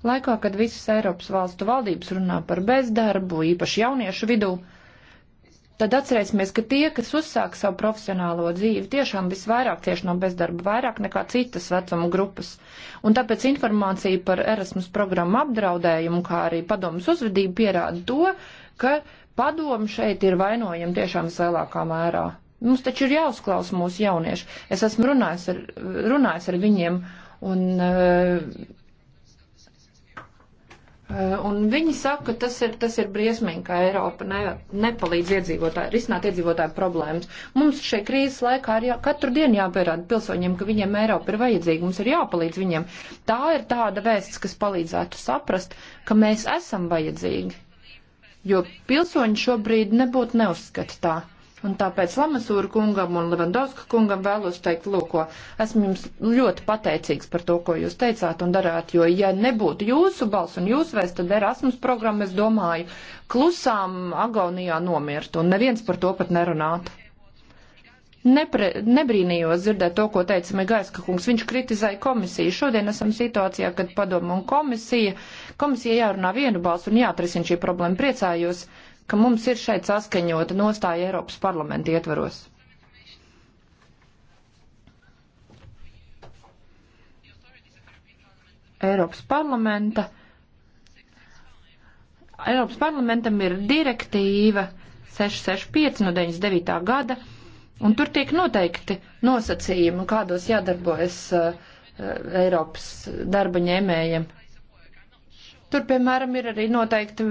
Speaker 4: Laikā, kad visas Eiropas valstu valdības runā par bezdarbu, īpaši jauniešu vidū, tad atcerēsimies, ka tie, kas uzsāk savu profesionālo dzīvi, tiešām visvairāk tieši no bezdarba, vairāk nekā citas vecuma grupas. Un tāpēc informācija par Erasmus programmu apdraudējumu, kā arī padomus uzvedību pierāda to, ka padomu šeit ir vainojami tiešām vislielākā mērā. Mums taču ir jāuzklausa mūsu jaunieši. Es esmu runājis ar, runājis ar viņiem un. Uh, Eh, un viņi saka, ka tas ir, tas ir briesmīgi, ka Eiropa ne, nepalīdz iedzīvotāji, risināt iedzīvotāju problēmas. Mums šai krīzes laikā ir jā, katru dienu jāpierāda pilsoņiem, ka viņiem Eiropa ir vajadzīga, mums ir jāpalīdz viņiem. Tā ir tāda vēsts, kas palīdzētu saprast, ka mēs esam vajadzīgi. Jo pilsoņi šobrīd nebūtu neuzskata tā Un tāpēc Lamasūra kungam un Levandovska kungam vēlos teikt, lūko, esmu jums ļoti pateicīgs par to, ko jūs teicāt un darāt, jo ja nebūtu jūsu balss un jūs vēst, tad Erasmus programma, es domāju, klusām agonijā nomirtu un neviens par to pat nerunātu. Nepre, nebrīnījos dzirdēt to, ko teica Megaiska kungs. Viņš kritizēja komisiju. Šodien esam situācijā, kad padoma un komisija, komisija jārunā vienu balsu un jāatrisina šī problēma. Priecājos, ka mums ir šeit saskaņota nostāja Eiropas parlamenta ietvaros. Eiropas parlamenta. Eiropas parlamentam ir direktīva 665 no 99. gada, un tur tiek noteikti nosacījumi, kādos jādarbojas uh, uh Eiropas darba ņēmējiem. Uh, Tur, piemēram, ir arī noteikti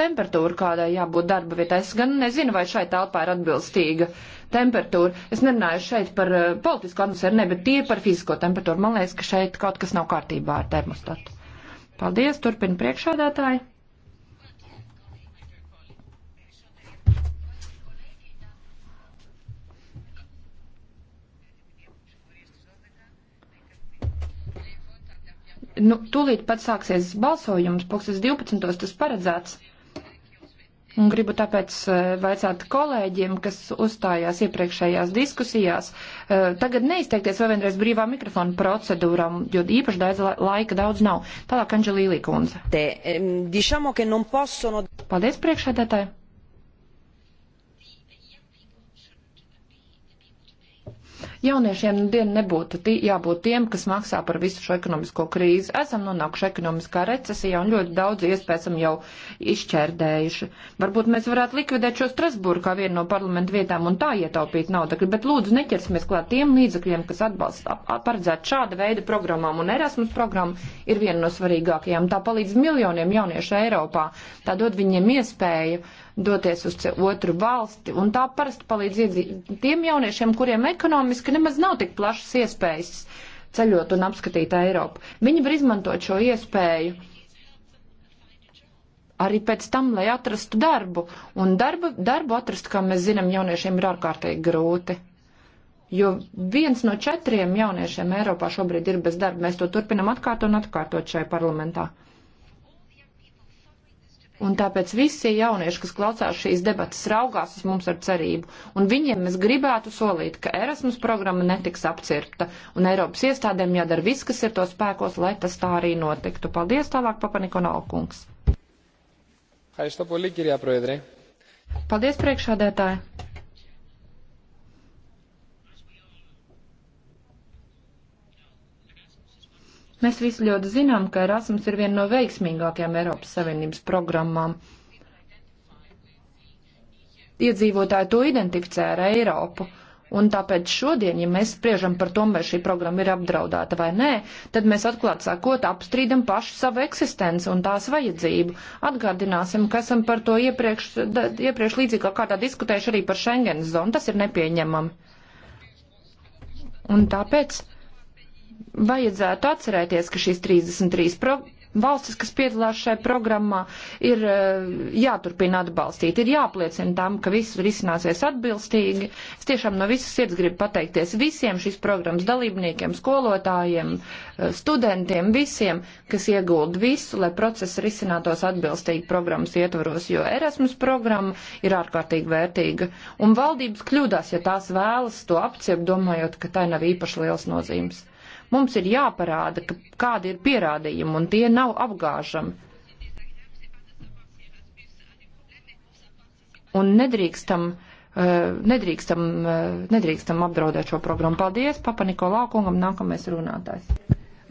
Speaker 4: temperatūra, kādai jābūt darba vietai. Es gan nezinu, vai šai telpā ir atbilstīga temperatūra. Es nerunāju šeit par eh, politisko atmosfēru, ne, bet tie par fizisko temperatūru. Man liekas, ka šeit kaut kas nav kārtībā ar termostatu. Paldies, turpina priekšādātāji. Nu, tūlīt pat sāksies balsojums, pulkstas 12. tas paredzēts. Un gribu tāpēc eh, vaicāt kolēģiem, kas uzstājās iepriekšējās diskusijās, eh, tagad neizteikties vēl vienreiz brīvā mikrofona procedūram, jo īpaši daudz laika daudz nav. Tālāk Anģelīlī kundze. Te, diciamo, Paldies priekšēdētāji. Jauniešiem dienu nebūtu tī, jābūt tiem, kas maksā par visu šo ekonomisko krīzi. Esam nonākuši ekonomiskā recesijā un ļoti daudz iespējam jau izšķērdējuši. Varbūt mēs varētu likvidēt šo Strasburu kā vienu no parlamentu vietām un tā ietaupīt naudakļu, bet lūdzu neķersimies klāt tiem līdzekļiem, kas atbalsta paredzēt šāda veida programmām. Un Erasmus programma ir viena no svarīgākajām. Tā palīdz miljoniem jauniešu Eiropā. Tā dod viņiem iespēju doties uz otru valsti, un tā parasti palīdz tiem jauniešiem, kuriem ekonomiski nemaz nav tik plašas iespējas ceļot un apskatīt Eiropu. Viņi var izmantot šo iespēju arī pēc tam, lai atrastu darbu, un darbu, darbu atrast, kā mēs zinām, jauniešiem ir ārkārtīgi grūti. Jo viens no četriem jauniešiem Eiropā šobrīd ir bez darba. Mēs to turpinam atkārtot un atkārtot šai parlamentā. Un tāpēc visi jaunieši, kas klausās šīs debatas, raugās uz mums ar cerību. Un viņiem es gribētu solīt, ka Erasmus programma netiks apcirta. Un Eiropas iestādēm jādara viss, kas ir to spēkos, lai tas tā arī notiktu. Paldies tālāk, Papanikonalkungs. Paldies, priekšādētāji! Mēs visi ļoti zinām, ka Erasmus ir viena no veiksmīgākajām Eiropas Savienības programmām. Iedzīvotāji to identificē ar Eiropu. Un tāpēc šodien, ja mēs spriežam par to, vai šī programma ir apdraudēta vai nē, tad mēs atklāt sakot apstrīdam pašu savu eksistenci un tās vajadzību. Atgādināsim, ka esam par to iepriekš, da, iepriekš līdzīgā kārtā diskutējuši arī par Schengen zonu. Tas ir nepieņemami. Un tāpēc vajadzētu atcerēties, ka šīs 33 pro valstis, kas piedalās šajā programmā, ir eh, jāturpina atbalstīt, ir jāpliecina tam, ka viss risināsies atbilstīgi. Es tiešām no visas sirds gribu pateikties visiem šīs programmas dalībniekiem, skolotājiem, eh, studentiem, visiem, kas ieguld visu, lai process risinātos atbilstīgi programmas ietvaros, jo Erasmus programma ir ārkārtīgi vērtīga. Un valdības kļūdās, ja tās vēlas to apciep, domājot, ka tai nav īpaši liels nozīmes. Mums ir jāparāda, ka kādi ir pierādījumi, un tie nav apgāžami. Un nedrīkstam, eh, nedrīkstam, eh, nedrīkstam apdraudēt šo programmu. Paldies, Papa Nikolau kungam, nākamais runātājs.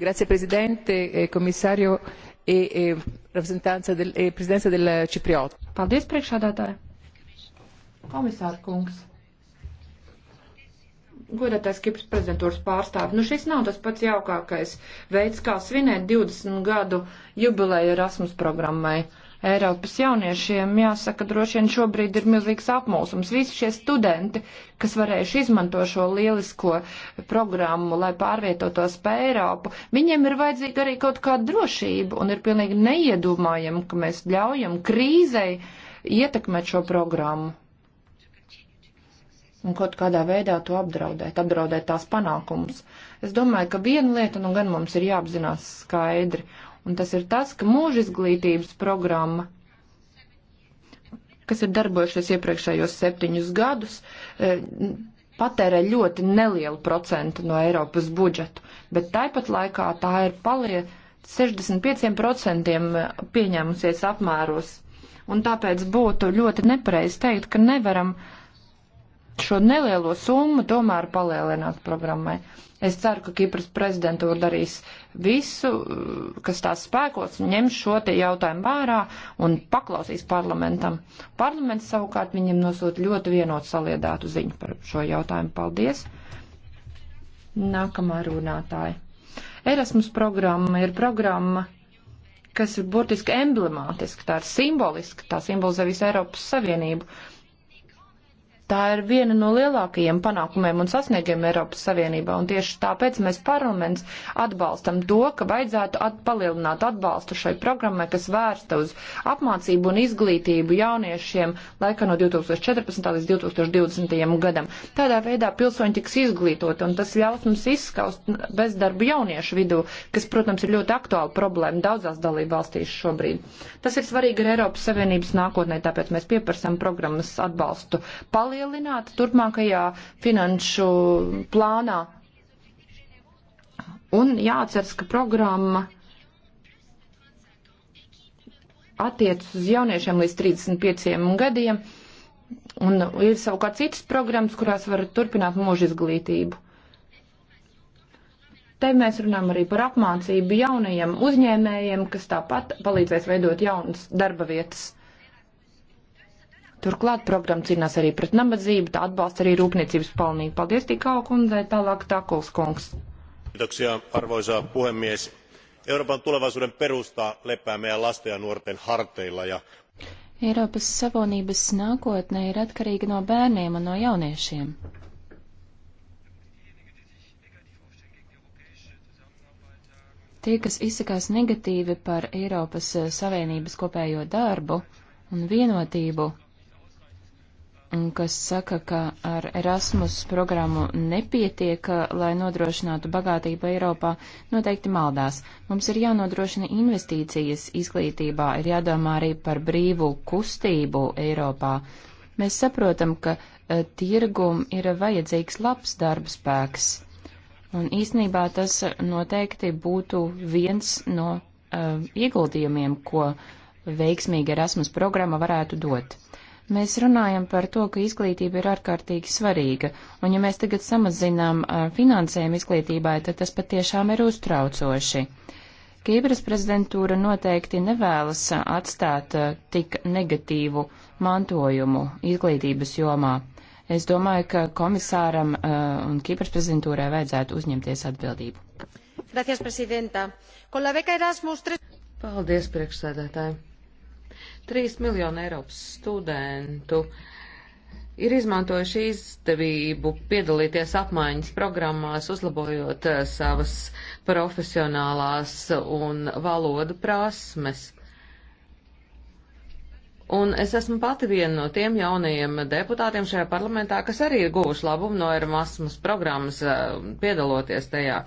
Speaker 4: Grazie, prezidente, komisārio, eh, e, e, reprezentanza del, e, prezidenta del Cipriot. Paldies, priekšādātāji. Komisār kungs godātais Kipras prezidentūras pārstāvi, nu šis nav tas pats jaukākais veids, kā svinēt 20 gadu jubileju Erasmus programmai. Eiropas jauniešiem, jāsaka, droši vien šobrīd ir milzīgs apmūsums. Visi šie studenti, kas varējuši izmanto šo lielisko programmu, lai pārvietotos pa Eiropu, viņiem ir vajadzīga arī kaut kāda drošība un ir pilnīgi neiedomājami, ka mēs ļaujam krīzei ietekmēt šo programmu un kaut kādā veidā to apdraudēt, apdraudēt tās panākumus. Es domāju, ka viena lieta nu gan mums ir jāapzinās skaidri, un tas ir tas, ka mūža izglītības programma, kas ir darbojušies iepriekšējos septiņus gadus, e, patērē ļoti nelielu procentu no Eiropas budžetu, bet tāpat laikā tā ir palie 65% e, pieņēmusies apmēros. Un tāpēc būtu ļoti nepareizi teikt, ka nevaram uh, šo nelielo summu tomēr palielināt programmai. Es ceru, ka Kipras prezidentūra darīs visu, kas tās spēkos, ņem šo te jautājumu vērā un paklausīs parlamentam. Parlaments savukārt viņiem nosūta ļoti vienotu saliedātu ziņu par šo jautājumu. Paldies! Nākamā runātāja. Erasmus programma ir programma, kas ir burtiski emblemātiska, tā ir simboliska, tā simbolizē visu Eiropas Savienību. Uh, Tā ir viena no lielākajiem panākumiem un sasniegiem Eiropas Savienībā, un tieši tāpēc mēs parlaments atbalstam to, ka vajadzētu at palielināt atbalstu šai programmai, kas vērsta uz apmācību un izglītību jauniešiem laikā no 2014. līdz 2020. gadam. Tādā veidā pilsoņi tiks izglītot, un tas ļaus mums izskaust bezdarbu jauniešu vidū, kas, protams, ir ļoti aktuāla problēma daudzās dalību valstīs šobrīd. Tas ir svarīgi arī Eiropas Savienības nākotnē, tāpēc mēs pieprasām programmas atbalstu. Palīdz palielināta turpmākajā finanšu plānā. Un jāatceras, ka programma attiec uz jauniešiem līdz 35 gadiem, un ir savukārt citas programmas, kurās var turpināt mūža izglītību. Te mēs runājam arī par apmācību jaunajiem uzņēmējiem, kas tāpat palīdzēs veidot jaunas darba vietas. Turklāt programma cīnās arī pret nabadzību, tā atbalsta arī rūpniecības palnību. Paldies tikā kundzei, tālāk Takuls kungs.
Speaker 1: Kiitoksia, arvoisa puhemies. Euroopan tulevaisuuden perusta lepää meidän lasten ja nuorten harteilla ja
Speaker 5: Eiropas Savonības nākotne ir atkarīga no bērniem un no jauniešiem. Tie, kas izsakās negatīvi par Eiropas Savienības kopējo darbu un vienotību, kas saka, ka ar Erasmus programmu nepietiek, eh, lai nodrošinātu bagātību Eiropā, noteikti maldās. Mums ir jānodrošina investīcijas izglītībā, ir jādomā arī par brīvu kustību Eiropā. Mēs saprotam, ka eh, tirgum ir vajadzīgs labs darba spēks. Un īsnībā tas noteikti būtu viens no uh, ieguldījumiem, ko veiksmīga Erasmus programma varētu dot. Uh, Mēs runājam par to, ka izglītība ir ārkārtīgi svarīga, un ja mēs tagad samazinām finansējumu izglītībai, tad tas patiešām ir uztraucoši. Kīpras prezidentūra noteikti nevēlas atstāt tik negatīvu mantojumu izglītības jomā. Es domāju, ka komisāram un Kīpras prezidentūrai vajadzētu uzņemties atbildību.
Speaker 3: Gracias,
Speaker 6: Paldies, priekšsēdētāji! 3 miljoni Eiropas studentu ir izmantojuši izdevību piedalīties apmaiņas programmās, uzlabojot eh, savas profesionālās un valodu prasmes. Un es esmu pati viena no tiem jaunajiem deputātiem šajā parlamentā, kas arī ir guvuši labumu no Erasmus programmas, eh, piedaloties tajā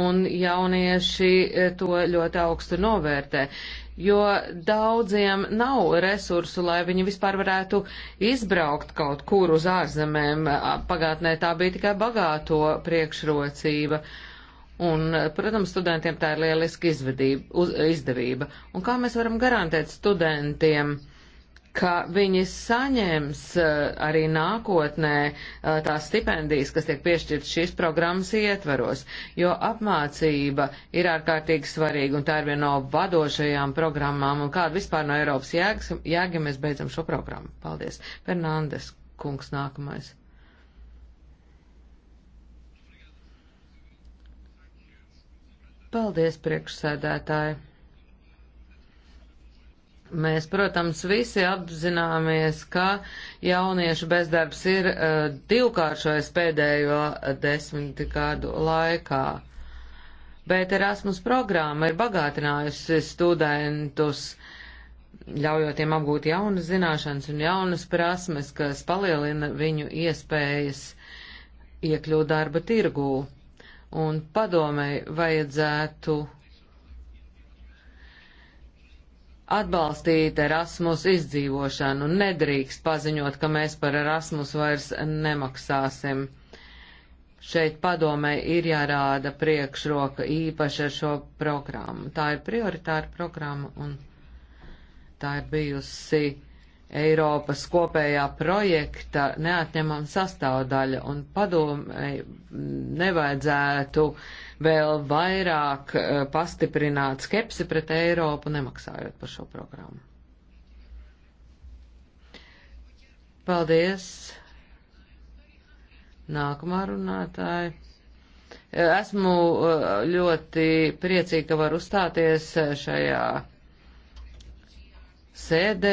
Speaker 6: un jaunieši eh, to ļoti augstu novērtē, jo daudziem nav resursu, lai viņi vispār varētu izbraukt kaut kur uz ārzemēm. Pagātnē tā bija tikai bagāto priekšrocība. Un, protams, studentiem tā ir lieliska izvedība, uz, izdevība. Un kā mēs varam garantēt studentiem? Uh, ka viņi saņems eh, arī nākotnē eh, tās stipendijas, kas tiek piešķirtas šīs programmas ietvaros, jo apmācība ir ārkārtīgi svarīga un tā ir viena no vadošajām programmām un kāda vispār no Eiropas jēgas, jēga mēs beidzam šo programmu. Paldies. Fernandes kungs nākamais. Paldies, priekšsēdētāji! Mēs, protams, visi apzināmies, ka jauniešu bezdarbs ir uh, divkāršais pēdējo desmit gadu laikā. Bet Erasmus programma ir bagātinājusi studentus, ļaujot viņiem apgūt jaunas zināšanas un jaunas prasmes, kas palielina viņu iespējas iekļūt darba tirgū. Un padomēji vajadzētu atbalstīt Erasmus izdzīvošanu. Nedrīkst paziņot, ka mēs par Erasmus vairs nemaksāsim. Šeit padomē ir jārāda priekšroka īpaši ar šo programmu. Tā ir prioritāra programma un tā ir bijusi Eiropas kopējā projekta neatņemama sastāvdaļa, un padomēji mm, nevajadzētu vēl vairāk eh, pastiprināt skepsi pret Eiropu, nemaksājot par šo programmu. Paldies! Nākamā runātāja. Esmu eh, ļoti priecīga, ka var uzstāties eh, šajā sēdē.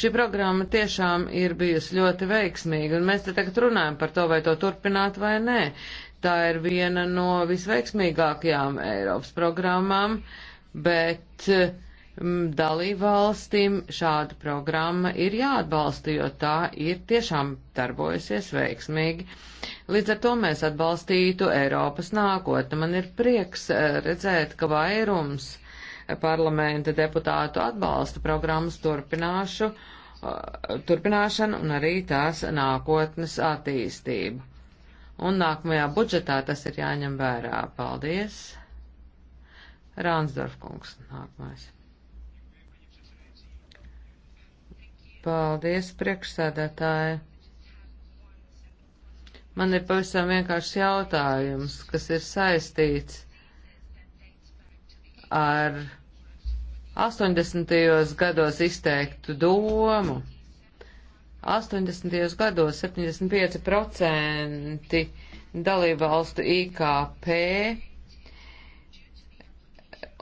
Speaker 6: Šī programma tiešām ir bijusi ļoti veiksmīga, un mēs te tagad runājam par to, vai to turpināt vai nē. Tā ir viena no visveiksmīgākajām Eiropas programmām, bet mm, dalībvalstīm šāda programma ir jāatbalsta, jo tā ir tiešām darbojusies veiksmīgi. Līdz ar to mēs atbalstītu Eiropas nākotni. Man ir prieks eh, redzēt, ka vairums parlamenta deputātu atbalsta programmas turpināšu, uh, turpināšanu un arī tās nākotnes attīstību. Un nākamajā budžetā tas ir jāņem vērā. Paldies! Rānsdorf kungs nākamais. Paldies, priekšsēdētāji! Man ir pavisam vienkāršs jautājums, kas ir saistīts ar 80. gados izteiktu domu. 80. gados 75% dalībvalstu IKP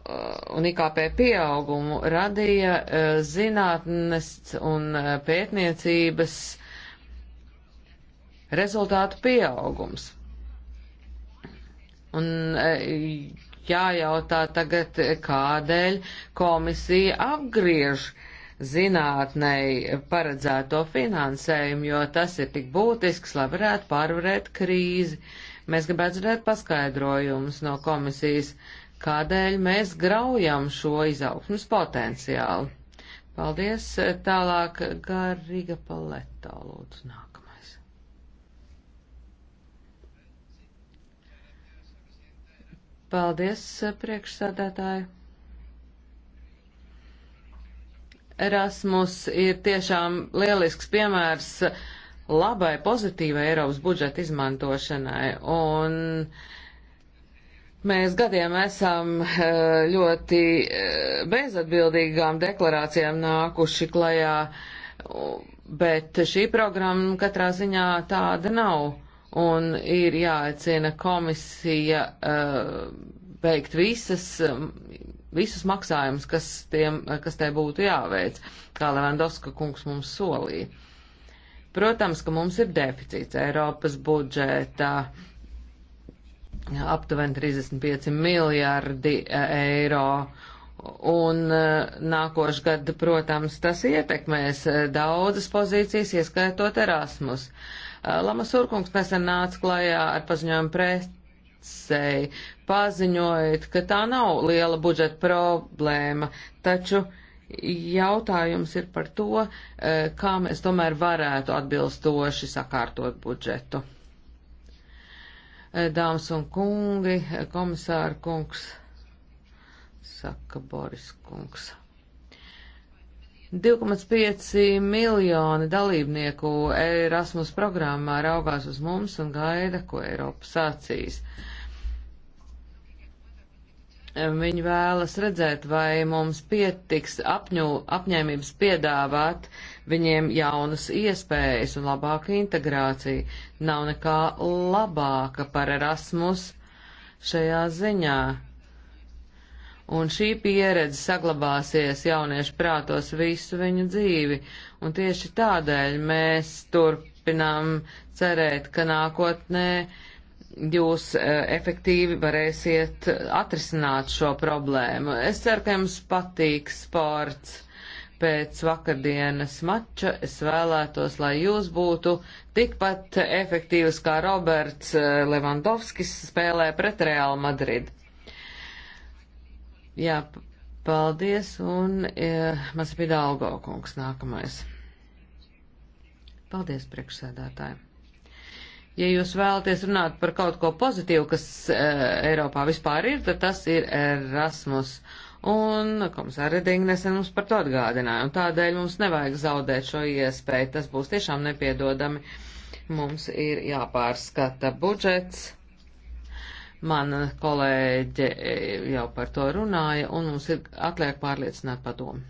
Speaker 6: uh, un IKP pieaugumu radīja uh, zinātnes un uh, pētniecības rezultātu pieaugums. Un jājautā tagad, kādēļ komisija apgriež zinātnei paredzēto finansējumu, jo tas ir tik būtisks, lai varētu pārvarēt krīzi. Mēs gribētu dzirdēt paskaidrojumus no komisijas, kādēļ mēs graujam šo izaugsmas potenciālu. Paldies, tālāk Garīga Paleta, lūdzu, nāk. Paldies, priekšsādātāji. Erasmus ir tiešām lielisks piemērs labai pozitīvai Eiropas budžeta izmantošanai. Un mēs gadiem esam eh, ļoti eh, bezatbildīgām deklarācijām nākuši klajā, bet šī programma katrā ziņā tāda nav un ir jāaicina komisija eh, veikt uh, visas, visus maksājumus, kas, tiem, kas tai būtu jāveic, kā Levandovska kungs mums solīja. Protams, ka mums ir deficīts Eiropas budžetā. Aptuveni 35 miljardi eh, eiro, Un eh, nākošais gads, protams, tas ietekmēs daudzas pozīcijas, ieskaitot Erasmus. Lamas Urkungs nesen nāca klajā ar paziņojumu presei, paziņojot, ka tā nav liela budžeta problēma, taču jautājums ir par to, kā mēs tomēr varētu atbilstoši sakārtot budžetu. Dāmas un kungi, komisāra kungs, saka Boris kungs. 2,5 miljoni dalībnieku Erasmus programmā raugās uz mums un gaida, ko Eiropa sacīs. Viņi vēlas redzēt, vai mums pietiks apņu, apņēmības piedāvāt viņiem jaunas iespējas un labāku integrāciju. Nav nekā labāka par Erasmus šajā ziņā un šī pieredze saglabāsies jauniešu prātos visu viņu dzīvi, un tieši tādēļ mēs turpinām cerēt, ka nākotnē jūs e, efektīvi varēsiet atrisināt šo problēmu. Es ceru, ka jums patīk sports. Pēc vakardienas mača es vēlētos, lai jūs būtu tikpat efektīvs kā Roberts e, Levandovskis spēlē pret Real Madridu. Jā, paldies, un e, mēs bija Algokungs nākamais. Paldies, priekšsēdētāji. Ja jūs vēlaties runāt par kaut ko pozitīvu, kas e, Eiropā vispār ir, tad tas ir Erasmus. Un komisāra Redinga nesen mums par to atgādināja, un tādēļ mums nevajag zaudēt šo iespēju. Tas būs tiešām nepiedodami. Mums ir jāpārskata budžets Mana kolēģe e, jau par to runāja, un mums ir atliek pārliecināt padomu.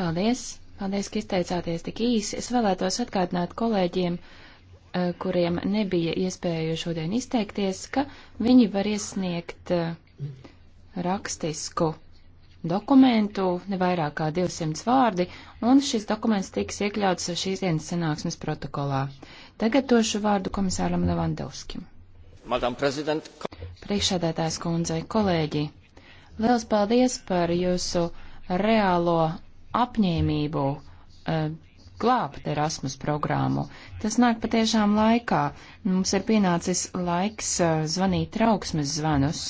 Speaker 5: Paldies! Paldies, ka izteicāties tik īsi. Es vēlētos atkārtināt kolēģiem, e, kuriem nebija iespēju šodien izteikties, ka viņi var iesniegt e, rakstisku dokumentu, ne vairāk kā 200 vārdi, un šis dokuments tiks iekļauts šīs dienas sanāksmes protokolā. Tagad došu vārdu komisāram Levandovskim. Priekšsēdētājs kundzei, kolēģi, liels paldies par jūsu reālo apņēmību uh, glābt Erasmus programmu. Tas nāk patiešām laikā. Mums ir pienācis laiks uh, zvanīt trauksmes zvanus.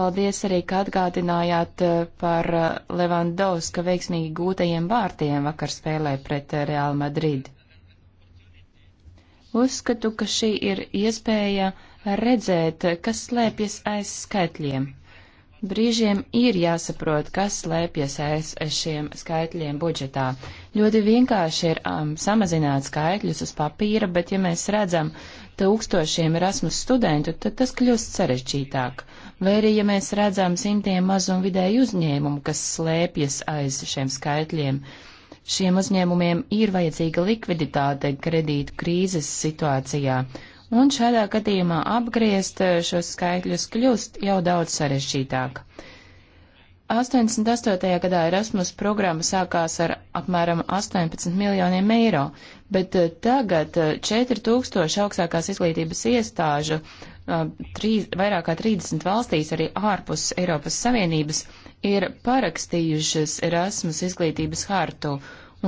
Speaker 5: Paldies arī, ka atgādinājāt eh, par eh, Levandovska veiksmīgi gūtajiem vārtiem vakar spēlē pret eh, Real Madrid. Uzskatu, ka šī ir iespēja redzēt, kas slēpjas aiz skaitļiem. Brīžiem ir jāsaprot, kas slēpjas aiz šiem skaitļiem budžetā. Ļoti vienkārši ir um, samazināt skaitļus uz papīra, bet ja mēs redzam tūkstošiem Erasmus studentu, tad tas kļūst sarežģītāk vai arī, ja mēs redzam simtiem mazu un vidēju uzņēmumu, kas slēpjas aiz šiem skaitļiem, šiem uzņēmumiem ir vajadzīga likviditāte kredītu krīzes situācijā, un šādā gadījumā apgriezt šos skaitļus kļūst jau daudz sarežģītāk. 88. gadā Erasmus programma sākās ar apmēram 18 miljoniem eiro, bet tagad 4000 augstākās izglītības iestāžu Eh, trīs, vairāk kā 30 valstīs, arī ārpus Eiropas Savienības, ir parakstījušas Erasmus izglītības hartu,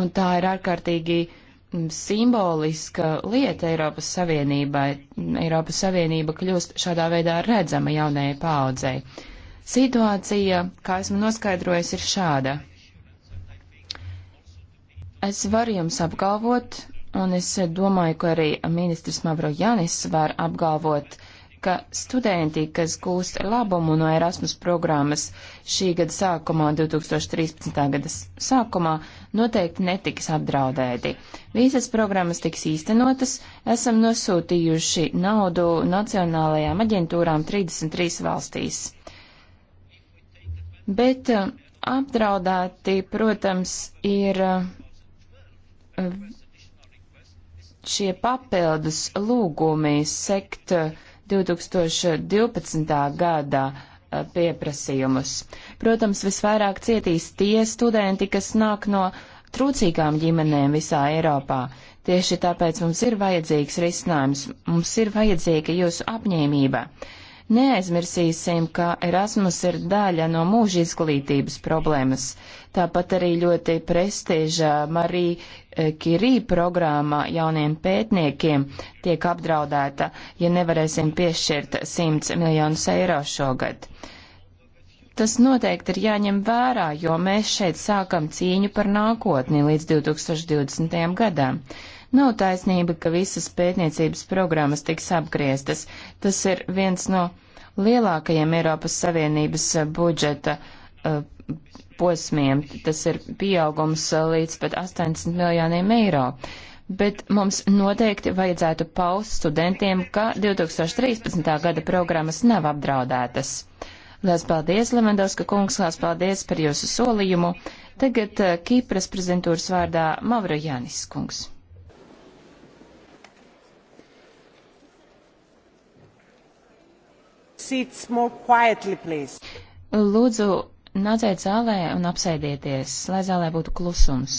Speaker 5: un tā ir ārkārtīgi mm, simboliska lieta Eiropas Savienībai. Eiropas Savienība kļūst šādā veidā redzama jaunajai paaudzei. Situācija, kā esmu noskaidrojis, ir šāda. Es varu jums apgalvot, un es domāju, ka arī ministrs Mavro Janis var apgalvot, uh, ka studenti, kas gūst labumu no Erasmus programmas šī gada sākumā, 2013. gada sākumā, noteikti netiks apdraudēti. Visas programmas tiks īstenotas, esam nosūtījuši naudu nacionālajām aģentūrām 33 valstīs. Bet uh, apdraudēti, protams, ir uh, šie papildus lūgumi sekt uh, 2012. gada eh, pieprasījumus. Protams, visvairāk cietīs tie studenti, kas nāk no trūcīgām ģimenēm visā Eiropā. Tieši tāpēc mums ir vajadzīgs risinājums, mums ir vajadzīga jūsu apņēmība. Neaizmirsīsim, ka Erasmus ir daļa no mūža izglītības problēmas, tāpat arī ļoti prestiža Marija Kirī programma jauniem pētniekiem tiek apdraudēta, ja nevarēsim piešķirt 100 miljonus eiro šogad. Tas noteikti ir jāņem vērā, jo mēs šeit sākam cīņu par nākotni līdz 2020. gadam. Nav taisnība, ka visas pētniecības programmas tiks apgrieztas. Tas ir viens no lielākajiem Eiropas Savienības budžeta uh, posmiem. Tas ir pieaugums uh, līdz pat 80 miljoniem eiro. Bet mums noteikti vajadzētu paust studentiem, ka 2013. gada programmas nav apdraudētas. Lielas paldies, Lemendovska kungs, lielas paldies par jūsu solījumu. Tagad uh, Kīpras prezidentūras vārdā Mavro Jānis kungs.
Speaker 1: Quietly,
Speaker 5: Lūdzu, nāciet zālē un apsēdieties, lai zālē būtu klusums.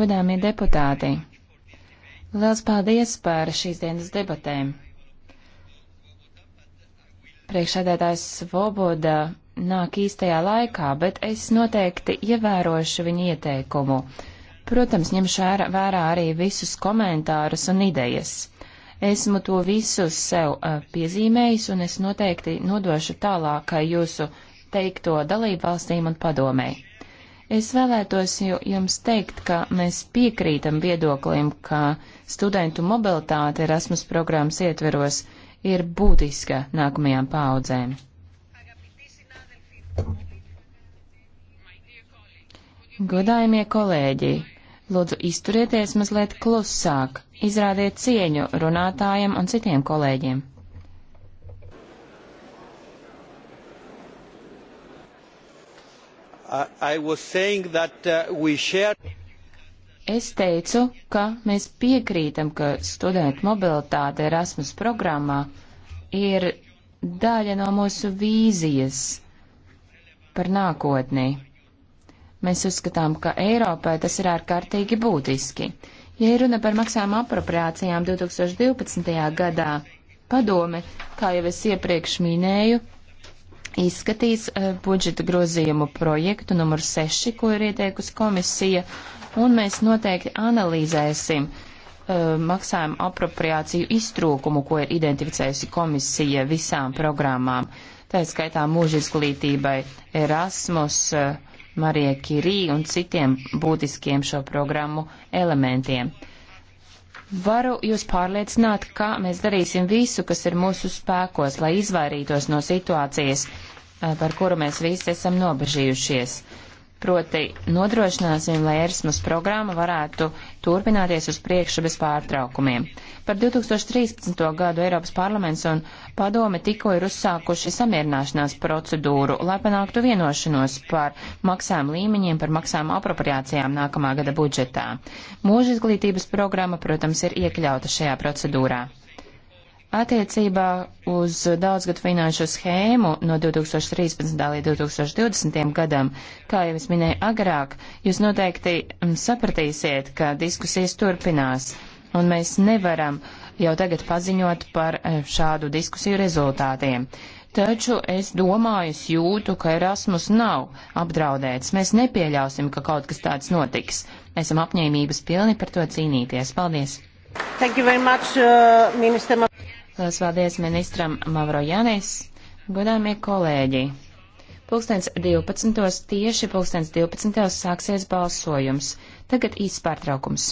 Speaker 5: Godāmie deputāti, liels paldies par šīs dienas debatēm. Priekšsēdētājs Svoboda nāk īstajā laikā, bet es noteikti ievērošu viņa ieteikumu. Protams, ņemšu vērā arī visus komentārus un idejas. Esmu to visu sev uh, piezīmējis, un es noteikti nodošu tālāk jūsu teikto dalību valstīm un padomēji. Es vēlētos jums teikt, ka mēs piekrītam viedoklim, ka studentu mobilitāte Erasmus programmas ietveros ir būtiska nākamajām paudzēm. Godājumie kolēģi, lūdzu izturieties mazliet klusāk. Izrādiet cieņu runātājiem un citiem kolēģiem.
Speaker 3: That, uh, share...
Speaker 5: Es teicu, ka mēs piekrītam, ka studentu mobilitāte Erasmus programmā ir daļa no mūsu vīzijas par nākotni. Mēs uzskatām, ka Eiropai tas ir ārkārtīgi būtiski. Ja ir runa par maksājuma apropriācijām 2012. gadā, padome, kā jau es iepriekš minēju, izskatīs uh, budžeta grozījumu projektu numur 6, ko ir ieteikusi komisija, un mēs noteikti analizēsim uh, maksājumu apropriāciju iztrūkumu, ko ir identificējusi komisija visām programmām. Tā skaitā mūža izglītībai, Erasmus, uh, Marijai Kirī un citiem būtiskiem šo programmu elementiem. Varu jūs pārliecināt, ka mēs darīsim visu, kas ir mūsu spēkos, lai izvairītos no situācijas, eh, par kuru mēs visi esam nobežījušies. Proti nodrošināsim, lai Erasmus programma varētu turpināties uz priekšu bez pārtraukumiem. Par 2013. gadu Eiropas parlaments un padome tikko ir uzsākuši samierināšanās procedūru, lai panāktu vienošanos par maksām līmeņiem, par maksām apropriācijām nākamā gada budžetā. Mūža izglītības programma, protams, ir iekļauta šajā procedūrā. Attiecībā uz daudzgadu finanšu schēmu no 2013. līdz 2020. gadam, kā jau es minēju agrāk, jūs noteikti mm, sapratīsiet, ka diskusijas turpinās, un mēs nevaram jau tagad paziņot par eh, šādu diskusiju rezultātiem. Taču es domāju, es jūtu, ka Erasmus nav apdraudēts. Mēs nepieļausim, ka kaut kas tāds notiks. Esam apņēmības pilni par to cīnīties. Paldies! Much, uh, Lielas paldies ministram Mavrojanis, godāmie kolēģi. Pulkstens 12. tieši pulkstens 12. sāksies balsojums. Tagad īsts pārtraukums.